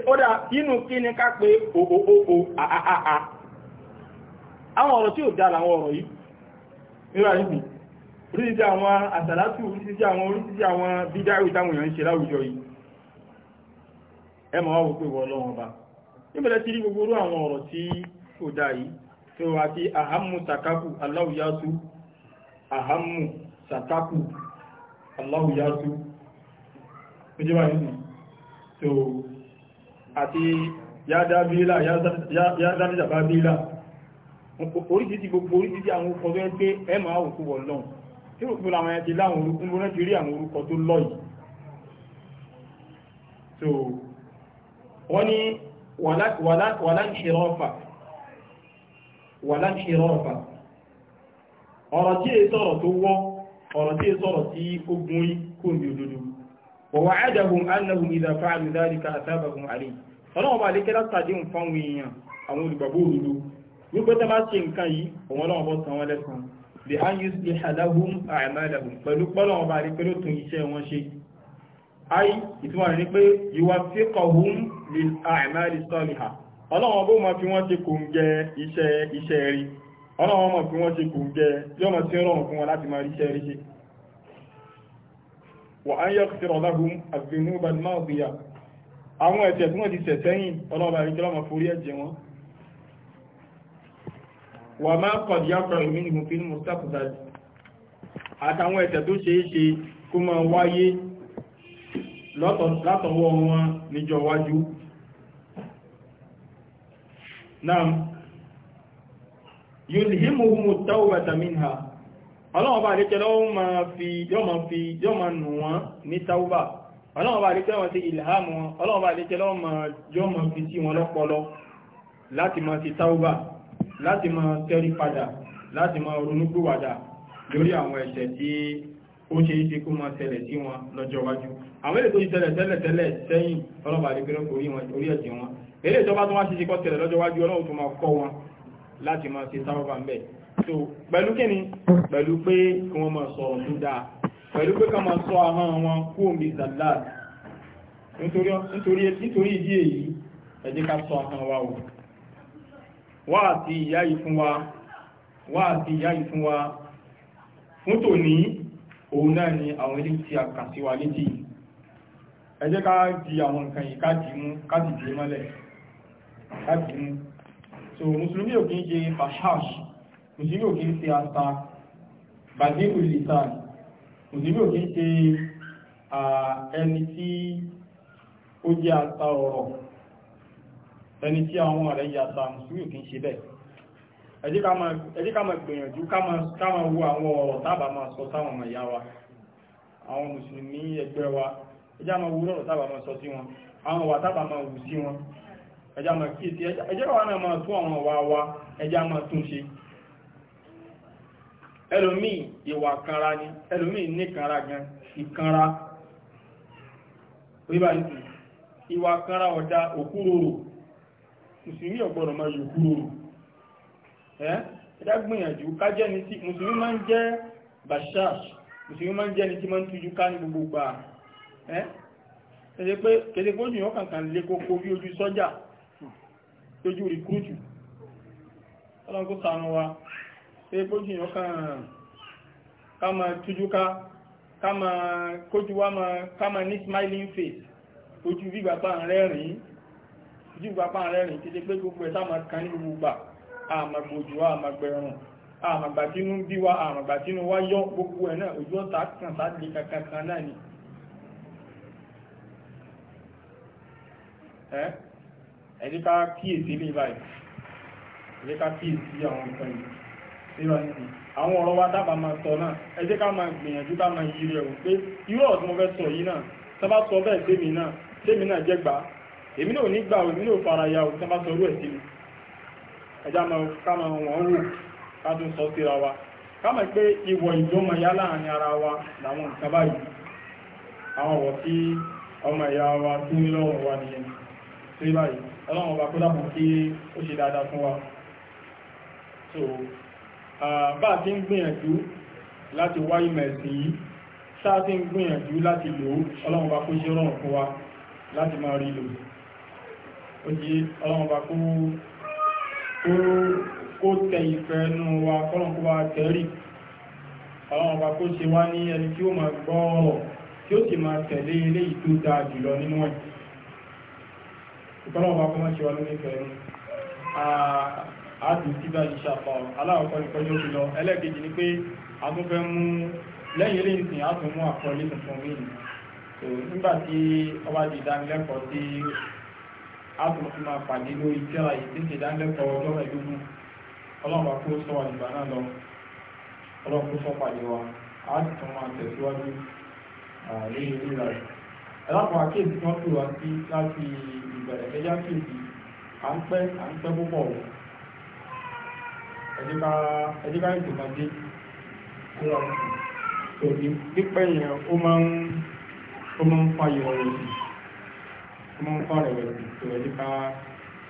Speaker 1: ọdá inú kí ní ká pé òòó àáàá àwọn ọ̀rọ̀ tí ò dá àwọn ọ̀rọ̀ yìí nígbà níbi oríṣiríṣi àwọn àsàlátù oríṣiríṣi àwọn oríṣiríṣi àwọn bídáwì táwọn èèyàn ń ṣe láwùjọ yìí ẹ wọ́n pé wọ́n lọ́wọ́n bá gbogbo ruo awọn tí da yi ahamu ahamu sakaku àti yádádìjàbá bílá oríṣìí gbogbo oríṣìí àwọn orúkọ tó ń pé ẹ máa òkú wọ̀ lọ́n tí ó pínlẹ̀ àwọn ẹ̀tì láwọn orúkún bó rántí rí àwọn orúkọ tó lọ́ yìí so wọ́n ni wàláṣírọ́fà ọ̀rọ̀ tí è sọ̀rọ̀ tó wọ́ ọ̀rọ̀ tí è sọ̀rọ̀ tí ó gún kò ní òdodo ووعدهم أنهم إذا فعلوا ذلك أثابهم عليه ọlọ́run bá lékẹ́ látàdé ń fáwọn èèyàn àwọn olùgbàgbó òdúdó wípé tó bá ṣe nǹkan yìí ọmọ ọlọ́run bọ́ san wọ́n lẹ́san lè á yí sí àdáhùn àìmáìlẹ̀hùn pẹ̀lú pọ́lọ́run bá lékẹ́ ló tún iṣẹ́ wọn ṣe ayi ìtumọ̀ rẹ̀ ni pé rí ọlọ́run wà á yẹ́ ṣe rọ̀láhùn àgbìnúbà máa gbìyà àwọn ẹ̀ṣẹ̀ tí wọ́n ti ṣẹ̀ sẹ́yìn ọlọ́ba ìjọba forí ẹ̀jẹ̀ wọn wà máa kọ̀dí àpọ̀ ìmìnìmù fi ní mustapha àtàwọn ẹ̀ṣẹ̀ tó ṣe é ṣe kó máa wáyé látọwọ́ wọn níjọ wájú náà yóò ọlọ́wọ́ bá àríkẹ́ lọ́wọ́ máa fi yọ́ fi yọ́ máa nù wọ́n ní taubá ọlọ́wọ́ bá àríkẹ́ wọ́n ti ìlàámù wọn ọlọ́wọ́ bá àríkẹ́ lọ́wọ́ ma yọ́ máa fi sí wọn lọ́pọlọ láti máa ti taubá láti máa tẹ́rí padà láti máa ronúgbùwàdà lórí àwọn ẹ̀ṣẹ̀ tí ó ṣe é ṣe kó máa tẹ̀lẹ̀ sí wọn lọ́jọ́ iwájú àwọn èdè tó ti tẹ̀lẹ̀ tẹ́lẹ̀ tẹ́lẹ̀ so pẹ̀lú kíni pẹ̀lú pé kí wọ́n máa sọ̀rọ̀ tó dáa pẹ̀lú pé ká máa sọ ahọ́n wọn kú omi zalad nítorí ìdí èyí ẹ jẹ́ ká sọ ahọ́n wa o wá àti ìyá yìí fún wa wá àti ìyá yìí fún wa fún tòní òun náà ni àwọn ilé tí a kà sí wa létí ẹ jẹ́ ká di àwọn nǹkan yìí ká dì mú ká sì dì mọ́lẹ̀ ká dì mú so mùsùlùmí ò kí ń ṣe fashash mùsùlùmí ò kí ń ṣe ata bàdé olùsàn mùsùlùmí ò kí ń ṣe ẹni tí ó jẹ́ ata ọ̀rọ̀ ẹni tí àwọn ọ̀rẹ́ yà ta mùsùlùmí ò kí ń ṣe bẹ́ẹ̀ ẹ jẹ́ ká máa gbìyànjú ká máa wo àwọn ọ̀rọ̀ tábà máa sọ táwọn ọmọ ìyá wa àwọn mùsùlùmí ẹgbẹ́ wa ẹ jẹ́ máa wo ọ̀rọ̀ tábà máa sọ sí wọn àwọn ọ̀wà tábà máa wù sí wọn ẹ kíyèsí ẹ tún àwọn ọ̀wà wa ẹ tún ṣe ẹlòmíì ìwà kanra ni ẹlòmíì ní kanra gan ìkanra orí báyìí tí ìwà kanra ọ̀dá òkúròrò mùsùlùmí ọ̀gbọ̀rọ̀ máa yóò kúròrò ẹ́ ẹ̀dá gbìyànjú ká jẹ́ ní tí mùsùlùmí máa ń jẹ́ bashash mùsùlùmí máa ń jẹ́ ní tí máa ń tújú ká ní gbogbo gbà ẹ́ kẹ́lẹ́ wa egbójì yàn kàn ká ma tújú ká ká ma kójú wá ma ká ma ní smiling face ojú gbígbà pa rẹ́rìn ojú gbígbà pa rẹ́rìn títí pé gbogbo ẹ̀sá ma kàn ní gbogbo gbà àmàgbòjò àmàgbẹ̀rùn àmàgbàtínú bí wa àmàgbàtínú wá yọ gbogbo ẹ̀ náà ojú ọ̀tá kàn sáàdì kankan náà ni ẹ̀ẹ́díká kíyèsí ní báyìí ẹ̀ẹ́díká kíyèsí àwọn nǹkan yìí nínú ìsìn àwọn ọ̀rọ̀ wa dábàá máa sọ náà ẹ jẹ́ ká máa gbìyànjú ká máa yiri ẹ̀wò pé irú ọ̀rọ̀ tí mo fẹ́ sọ yìí náà tá bá sọ bẹ́ẹ̀ sẹ́mi náà sẹ́mi náà jẹ́ gbà èmi náà ò ní gbà ò èmi náà fara ya ò tá sọ irú ẹ̀ mi ẹ já máa ká máa wọ̀n wò ká tún sọ síra wa ká mọ̀ pé ìwọ̀ ìjọmọ̀ ya láàrin ara wa làwọn nǹkan báyìí àwọn ọ̀rọ̀ tí ọmọ ìyá wa tó ń lọ́wọ́ wa nìyẹn sí báyìí ọlọ́run ọba kó dàbọ̀ kí ó ṣe dáadáa fún wa so bá ti ń gbìyànjú láti wá ìmọ̀ ẹ̀sìn yìí sáà ti ń gbìyànjú láti lò ó ọlọ́run bá kó ṣe rọrùn fún wa láti máa rí lò ó yí ọlọ́run bá kó kó tẹ ìfẹ́ nú wa kọ́lọ̀kú wa tẹ́rì ọlọ́run bá kó ṣe wá ní ẹni tí ó máa gbọ́ ọ̀rọ̀ tí ó sì máa tẹ̀lé ilé ìtò dáa jùlọ nínú ẹ̀ ìkọ́lọ̀run bá kó máa ṣe wá lórí ìfẹ́ nú àádùn síbá ìṣàpá aláwọ̀kọ́ ìkọjú òfin lọ ẹlẹ́ẹ̀kejì ni pé a tún fẹ́ mú lẹ́yìn ilé ìsìn a mú àkọlé tuntun mí so nígbà ọba di ìdánilẹ́kọ̀ọ́ tí
Speaker 2: a tún fi máa pàdé lórí tíra yìí tí ìdánilẹ́kọ̀ọ́ ọjọ́ ẹ̀dógún ọlọ́run a ẹ̀díká ìtìmọ̀dé òní pípẹ́ yẹn ó máa ń fa ìrọ̀rẹ̀sì ó máa ń fa ìrọ̀rẹ̀sì tó ẹ̀díká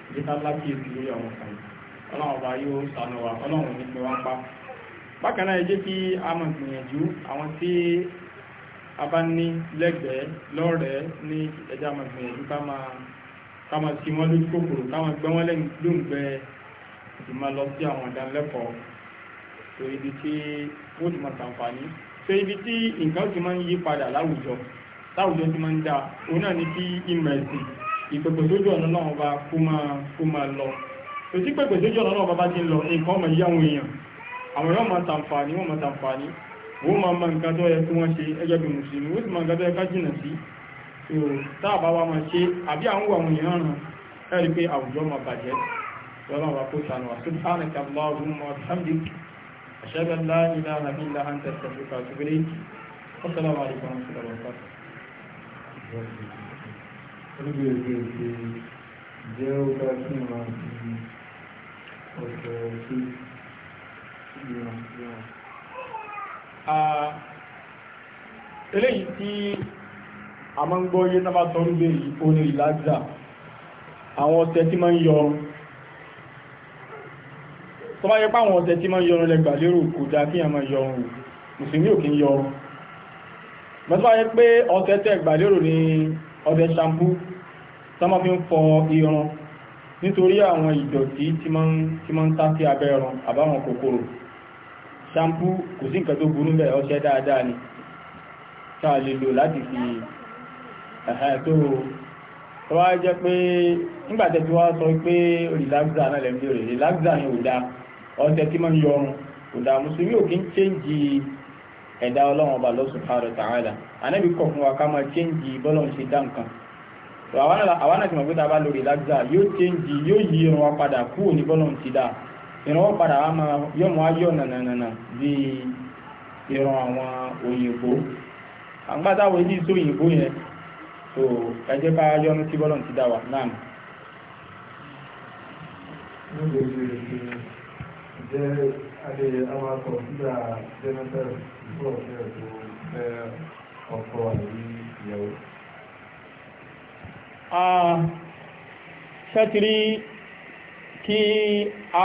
Speaker 1: ìdíká lápíẹ̀sì lórí àwọn ọ̀sán ọlọ́run ọba yóò sànù wa ọlọ́run ní pé wá pa bákan náà ẹ jẹ́ kí a mọ̀ gbìyànjú àwọn tí a bá ní lẹ́gbẹ̀ẹ́ lọ́rẹ̀ẹ́ ní ẹja mọ̀ gbìyànjú ká máa sí wọn lójú kòkòrò ká máa gbẹ́ ti máa lọ sí àwọn ìdánilẹ́kọ̀ọ́ tó ibi tí ó ti máa ṣàǹfààní tó ibi tí nǹkan ti máa ń yí padà láwùjọ láwùjọ ti máa ń dáa òun náà ni kí ìmọ̀ ẹ̀sìn ìpèpè sójú ọ̀nà náà bá kó máa kó máa lọ tó sí pèpè sójú ọ̀nà náà bá ti ń lọ nǹkan ọmọ yíyá àwọn èèyàn àwọn èèyàn máa ṣàǹfààní wọ́n máa ṣàǹfààní wọ́n máa ma nǹkan tó yẹ kí wọ́n ṣe ẹgbẹ́ bí mùsùlùmí ó sì máa nǹkan tó yẹ ká jìnà sí tó táàbá wa máa ṣe àbí àwọn àwọn èèyàn ràn ẹ̀rí pé àwùjọ máa bàjẹ́ ọlọ́run wa kó sànù wa subhanaka allahumma wa bihamdik
Speaker 2: ashhadu an la ilaha illa anta astaghfiruka wa atubu ilayk assalamu alaykum wa rahmatullahi wa barakatuh. olùgbé ìgbé ìgbé jẹ́ ó bá sí
Speaker 1: ah, eléyìí tí a máa ń gbọ́ yé tábà bèèrè oní ìlàjà àwọn ọ̀tẹ̀ tí máa ń yọ tó bá yẹ páwọn ọ̀tẹ̀ tí máa ń yọrun lẹ́gbà lérò kò dá kí àmà yọrun mùsùlùmí ò kí ń yọrun mọ́ tó bá yẹ pé ọ̀tẹ̀ tẹ́ gbà lérò ní ọ̀tẹ̀ shampoo tó máa fi ń fọ irun nítorí àwọn ìdọ̀tí tí máa ń sá sí abẹ́ irun àbáwọn kòkòrò shampoo kò sí nǹkan tó burú bẹ́ẹ̀ ọṣẹ dáadáa ni tá a lè lò láti fi ẹ̀hẹ́ jẹ́ pé nígbàtẹ́ tí wá sọ pé relaxer náà lẹ́mí rẹ̀ relaxer ni ò dáa ọjọ́ tí máa ń yọrun ọ̀dà mùsùlùmí ò kí ń chẹ́ǹjì ẹ̀dá ọlọ́run ọba Allah subhanahu wa ta'ala anábì kọ̀ fún wa ká máa chẹ́ǹjì bọ́lọ́run ṣe dá nǹkan àwọn náà ti mọ̀ pé tá a bá lórí lágbà yóò chẹ́ǹjì yóò yí irun wa padà kúrò ní bọ́lọ́run ti dá irun wa padà yóò mú ayọ̀ nànànànà bíi irun àwọn òyìnbó àgbàdáwò ilé ìsó òyìnbó yẹn so ẹ jẹ́ ká yọnu sí bọ́lọ́run ti dá wa náà
Speaker 2: jẹ́ adé àwọn kọ̀ǹpútà jẹ́nẹ́tẹ̀ before ọ̀fẹ́ tó fẹ́ ọkọ
Speaker 1: àrí ìyàwó. kí a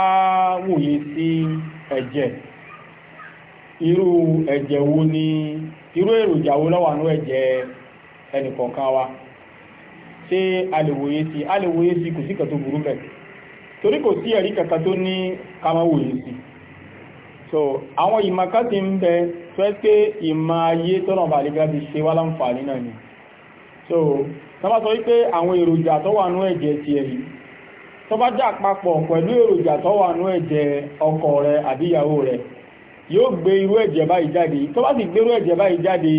Speaker 1: wòye sí ẹ̀jẹ̀ irú ẹ̀jẹ̀ wo ni irú èròjà wo ló wà nínú ẹ̀jẹ̀ ẹnìkọ̀ọ̀kan wa ṣé a lè wòye sí a lè wòye sí kò sí kẹtò burú bẹ́ẹ̀ torí kò sí ẹ̀rí kẹta tó ní kamawo yìí sí so àwọn ìmọ̀ká ti ń bẹ tó pé ìmọ̀ ayé tọ́nà bàlígá ti ṣe wá láǹfààní náà ni so tó sọ wípé àwọn èròjà tó wà ti ẹ̀rí pẹ̀lú èròjà tó wà nú ẹ̀jẹ̀ ọkọ rẹ àbí ìyàwó rẹ yóò gbé irú ẹ̀jẹ̀ báyìí jáde tó sì gbé irú ẹ̀jẹ̀ báyìí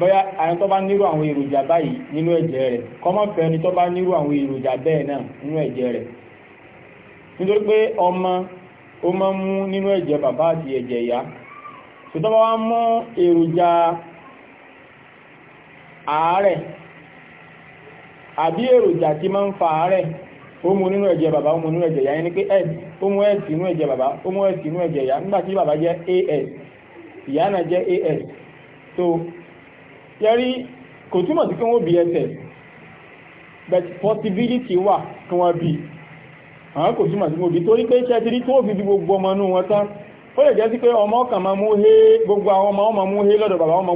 Speaker 1: bóyá àwọn tó bá nírú àwọn èròjà báyìí nínú ẹ̀jẹ̀ rẹ̀ kọ́mọ̀fẹ́ ni tó bá nírú àwọn èròjà bẹ́ẹ̀ náà nínú ẹ̀jẹ̀ rẹ̀ nítorí pé ọmọ ó máa mú nínú ẹ̀jẹ̀ bàbá àti ẹ̀jẹ̀ ìyá bá wá èròjà àárẹ̀ àbí èròjà tí máa ń fa àárẹ̀ ó mu nínú ẹ̀jẹ̀ bàbá ó mu nínú ẹ̀jẹ̀ ìyá yẹn ni pé s ó mu s nínú ẹ̀jẹ̀ bàbá ó s yari kò túmọ̀ sí kí wọ́n bí ẹsẹ̀ but possibility wà kí wọ́n bí àwọn kò túmọ̀ sí wọ́n bí torí pé iṣẹ́ tó gbogbo ọmọ inú wọn tán ó lè jẹ́ sí pé ọmọ kan máa mú hé gbogbo àwọn ọmọ ọmọ mú hé lọ́dọ̀ bàbá wọ́n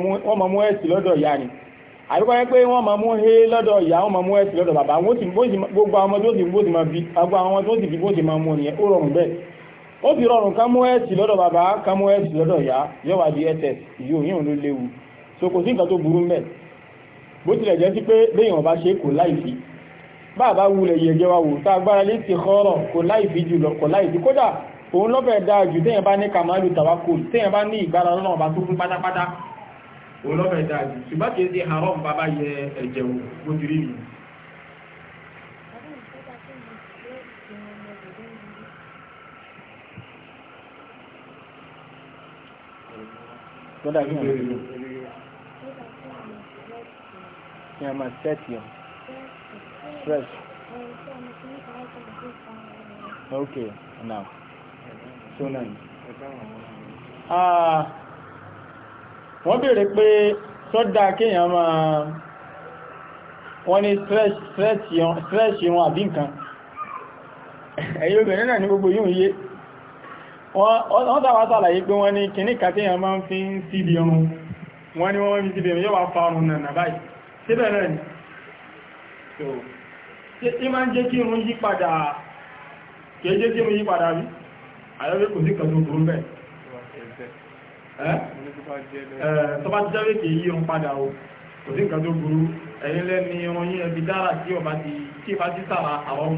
Speaker 1: máa mú ẹ̀sì lọ́dọ̀ ìyá ni àbíkọ́ yẹ pé wọ́n máa mú hé lọ́dọ̀ ìyá máa mú ẹ̀sì gbogbo àwọn tó bó so kò sí nǹkan tó burú mẹ́ bó tilẹ̀ jẹ́ sí pé béèyàn bá ṣe kò láìfi bá wulẹ̀ yẹ̀gẹ́ wa wò tá a gbára lé ti kọ́rọ̀ kò láìfi jùlọ kò láìfi kódà òun lọ́fẹ̀ẹ́ dáa jù téèyàn bá ní kàmáàlù tàwákò téèyàn bá ní ìgbára lọ́nà ọba tó fún pátápátá òun lọ́fẹ̀ẹ́ dáa jù ṣùgbọ́n kì í ṣe haram bàbá yẹ ẹ̀jẹ̀ wò bójú rí nìyẹn
Speaker 2: Tọ́dá kí a máa fresh.
Speaker 1: ok now so Ah, wọ́n béèrè pé sọ́dá kéèyàn máa wọ́n ní stress wọn àbí nǹkan ẹ̀yí obìnrin náà ní gbogbo yíò yé wọ́n tàwà sàlàyé pé wọ́n ní kìníkà tí èèyàn máa ń fi ń síbi ọrùn wọ́n ní wọ́n fi síbi ọrùn yóò wá fa ọrùn nàà báyìí síbẹ̀ náà ni tí ma ń jẹ́ kí yí padà kìí jẹ́ kí irun yí padà rí àyọ́wé kò sí kàtò òkúrú bẹ́ẹ̀ tó bá jẹ́ wé kìí yí irun padà o kò sí kàtò òkúrú ẹ̀yìn lẹ́ni yí ẹbí dára tí ó bá ti sára àwọn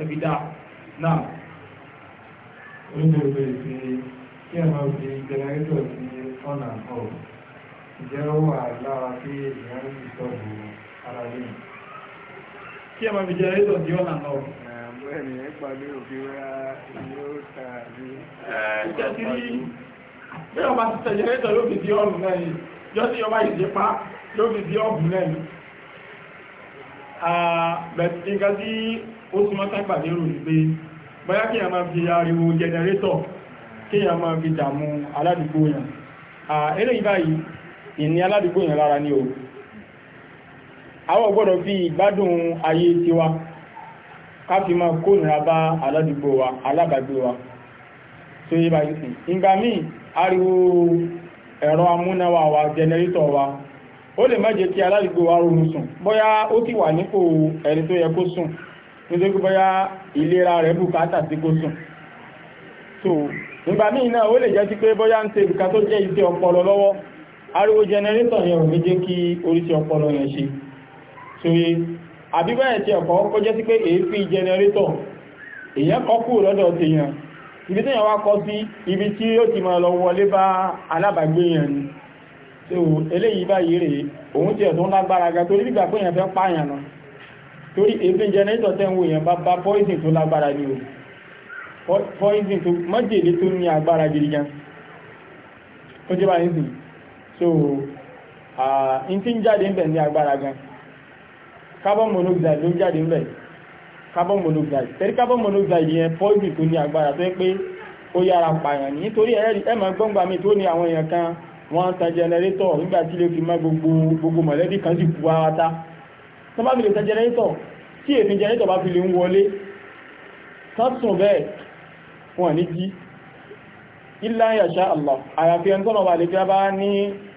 Speaker 1: ẹbí dá sí
Speaker 2: kí jẹ́ ó wà lára sí ènìyàn ní ìtọ́bù ara yìí
Speaker 1: kí ẹ máa fi jẹ́ rédọ̀ tí ó nà náà àwọn
Speaker 2: ènìyàn pàdé òfin rá ilé ó tààrí
Speaker 1: bí ọba ti tẹ̀lé rédọ̀ yóò fi di ọ̀rùn náà yìí yọ́ sí ọba ìjẹ́pá yóò fi di ọ̀rùn náà yìí bẹ̀tí nǹkan tí ó súnmọ́ tágbàdé rò ní pé báyá kí a máa fi ariwo jẹnẹrétọ̀ kí a máa fi dàmú aládùúgbò yàn eléyìí báyìí ìní aládùúgbò yẹn lára ní o àwọn gbọ́dọ̀ fi ìgbádùn ayé tiwa ká fi máa kó nira bá aládùúgbò wa alábàgbé wa tó yé báyìí sí ìgbà míì ariwo ẹ̀rọ amúnáwá wa jẹnẹrétọ̀ wa ó lè má jẹ́ kí aládùúgbò wa rọrùn sùn bóyá ó ti wà nípò ẹni tó yẹ kó sùn nítorí bóyá ìlera rẹ̀ bùkátà sí kó sùn so ìgbà míì náà ó lè jẹ́ sí pé bóyá ń ṣe nǹkan tó jẹ́ iṣẹ́ ọpọlọ lọ́wọ́ ariwo jẹnẹrétọ̀ yẹn ò ní jẹ́ kí oríṣi ọpọlọ yẹn ṣe sóyé àbíbẹ̀ẹ̀ tí ọkọ̀ ó jẹ́ sí pé èéfì jẹnẹrétọ̀ èyàn kọ́ kú lọ́dọ̀ ti yàn ibi tí yàn wá kọ́ sí ibi tí ó ti máa lọ wọlé bá alábàgbé yàn ni so eléyìí báyìí rèé òun ti ẹ̀tún lágbára ga torí gbígbà pé yàn fẹ́ pààyàn náà torí èéfì jẹnẹrétọ̀ tẹ́ ń wo yàn bá bá poison tó lágbára ni o poison tó májèlé tó ní agbára gidi gan ó jẹ́ báyìí sìn so n tí ń jáde ń bẹ̀ ní agbára gan carbon monoxide ló ń jáde ń bẹ̀ carbon monoxide tẹ́rí carbon monoxide yẹn poison tó ní agbára tó pé ó yára pààyàn ní nítorí ẹ̀mọ̀ gbọ́ngbà mi tó ní àwọn èèyàn kan wọ́n tan jẹnẹrétọ̀ nígbà tí lè fi mọ́ gbogbo gbogbo mọ̀lẹ́bí kan sì kú ara ta tó bá fi lè tan jẹnẹrétọ̀ tí èfin jẹnẹrétọ̀ bá fi lè ń wọlé tọ́tún bẹ́ẹ̀ wọ́n ní jí ilá yàṣá Allah àyàfi ẹni tọ́nà wà lè fi bá ní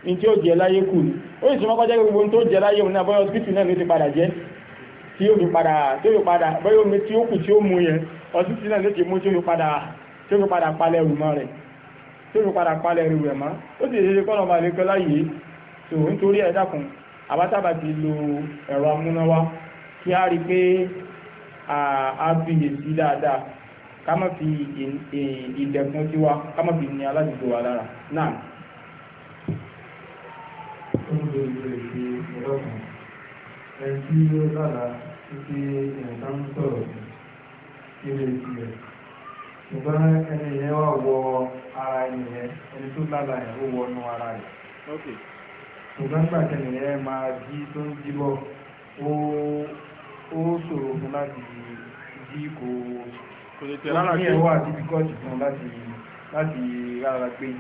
Speaker 1: in tí ó jẹ láyé kù ó sì súnmọ́ kọjá gbogbo tó jẹ láyé òun náà bọ́yọ̀ hospital náà ló ti padà jẹ́ tí ó fi padà tí ó fi padà bọ́yọ̀ omi tí ó kù tí ó mu yẹn hospital náà ló ti mú tí ó fi padà palẹ̀ rù mọ́ rẹ̀ tí ó fi padà palẹ̀ rù rẹ̀ mọ́ ó sì a fi sí dáadáa ká má fi ìdẹ̀kùn
Speaker 2: lè lo èdè ẹlọ́kùn ẹni tí ó lára títí ẹ̀ǹkan sọ̀rọ̀ kí lè tiẹ̀ ẹni yẹn wà wọ ara ẹni ẹni tó lára ẹ̀ ó wọnú ara rẹ̀ ṣùgbọ́n nígbà ẹni yẹn máa jí tó ń ó fún láti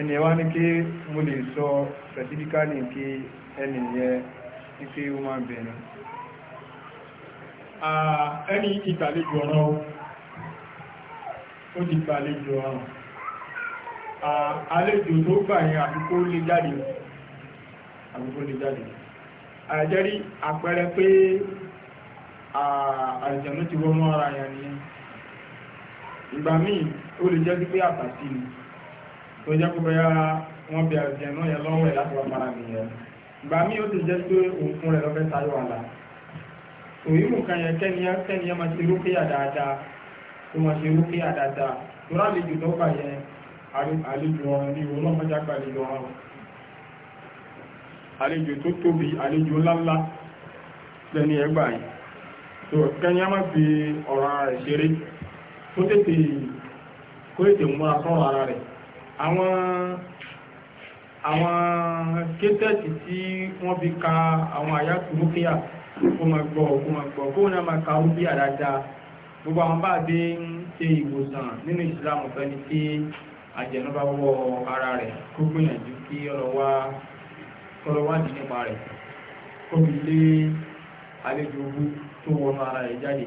Speaker 2: ẹni ẹ̀wá ní kí mo lè sọ specifically kí ẹni yẹ ipé ó máa bẹ̀rẹ̀
Speaker 1: ẹni ìgbàlejò ọ̀rọ̀ ó ti gbàlejò ọ̀rọ̀ àlejò tó gbà yẹn àfikó lè jáde àfikó lè jáde àjẹ́rí àpẹẹrẹ pé àìjẹ̀mú ti wọ́n mọ́ ara yẹn ni ìgbà míì ó lè jẹ́ pé àtàtì ni tó jẹ́ pé bóyá wọ́n bí àrùjẹ náà yẹ lọ́wọ́ ẹ̀ láti wá para nìyẹn ìgbà míì ó ti jẹ́ pé òun fún rẹ̀ lọ́fẹ́ tayọ àlà òyìnbó kan yẹn kẹ́niyẹ kẹ́niyẹ máa ṣe rúkìá dáadáa tó máa ṣe rúkìá dáadáa tó rálejò tó bà yẹn àlejò ọ̀rọ̀ ní olómọdé àgbàlejò ọ̀rọ̀ àlejò tó tóbi àlejò ńláńlá lẹ́ni ẹgbà yìí tó kẹ́yìn má fi ọ̀rọ̀ ara rẹ̀ ṣeré tó tètè kó ètè múra sọ́rọ̀ ara rẹ̀ àwọn àwọn kétẹ́ẹ̀tì tí wọ́n fi ka àwọn àyàkù rúkíyà kó ma gbọ́ kó ma gbọ́ kó náà ma ka rúkíyà dáadáa gbogbo àwọn bá bí ń ṣe ìwòsàn nínú ìsìlámù fẹ́ni tí àjẹ̀nú bá wọ ara rẹ̀ kó gbìyànjú kí ọlọ́wà dì nípa rẹ̀ kó fi lé àlejò ogun tó wọnú ara rẹ̀ jáde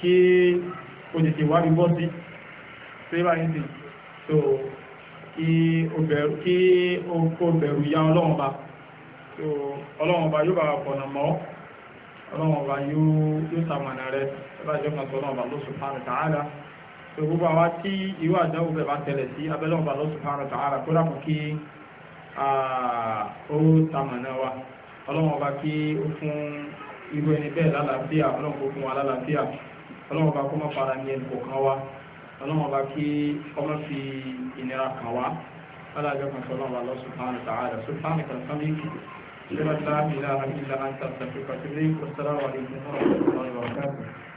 Speaker 1: kí o tètè wá bíbọ́ sí sílébà ní sí so o bẹ̀rù o kó bẹ̀rù ya ọlọ́run ba so ọlọ́run ba yóò bá pọ̀nà mọ́ ọlọ́run ba yóò sàmànà rẹ ẹbájọ́ kan tó ọlọ́run ba ló subhanahu wa ta'ala so gbogbo àwa tí irú àdáwò bẹ̀ bá tẹ̀lẹ̀ sí abẹ́lọ́run ba ló subhanahu wa ta'ala kó dàpọ̀ kí ó sàmànà wa ọlọ́run kí ó fún irú ẹni bẹ́ẹ̀ lálàáfíà ọlọ́run kó fún wa lálàáfíà ọlọ́run bá kó má fara ní ẹnì kọ̀ọ̀kan wa ọlọ́run bá kí ọmọ fi ìnira kàn wá alájọ kan sọ ọlọ́run Allah subhanahu wa ta'ala subhanahu wa ta'ala ṣe bá ti láàmì
Speaker 2: láàrin ìlànà ìtàkùn àti ìpàtìlẹ́yìn kò sára wà ní ìpínlẹ̀ ọ̀rọ̀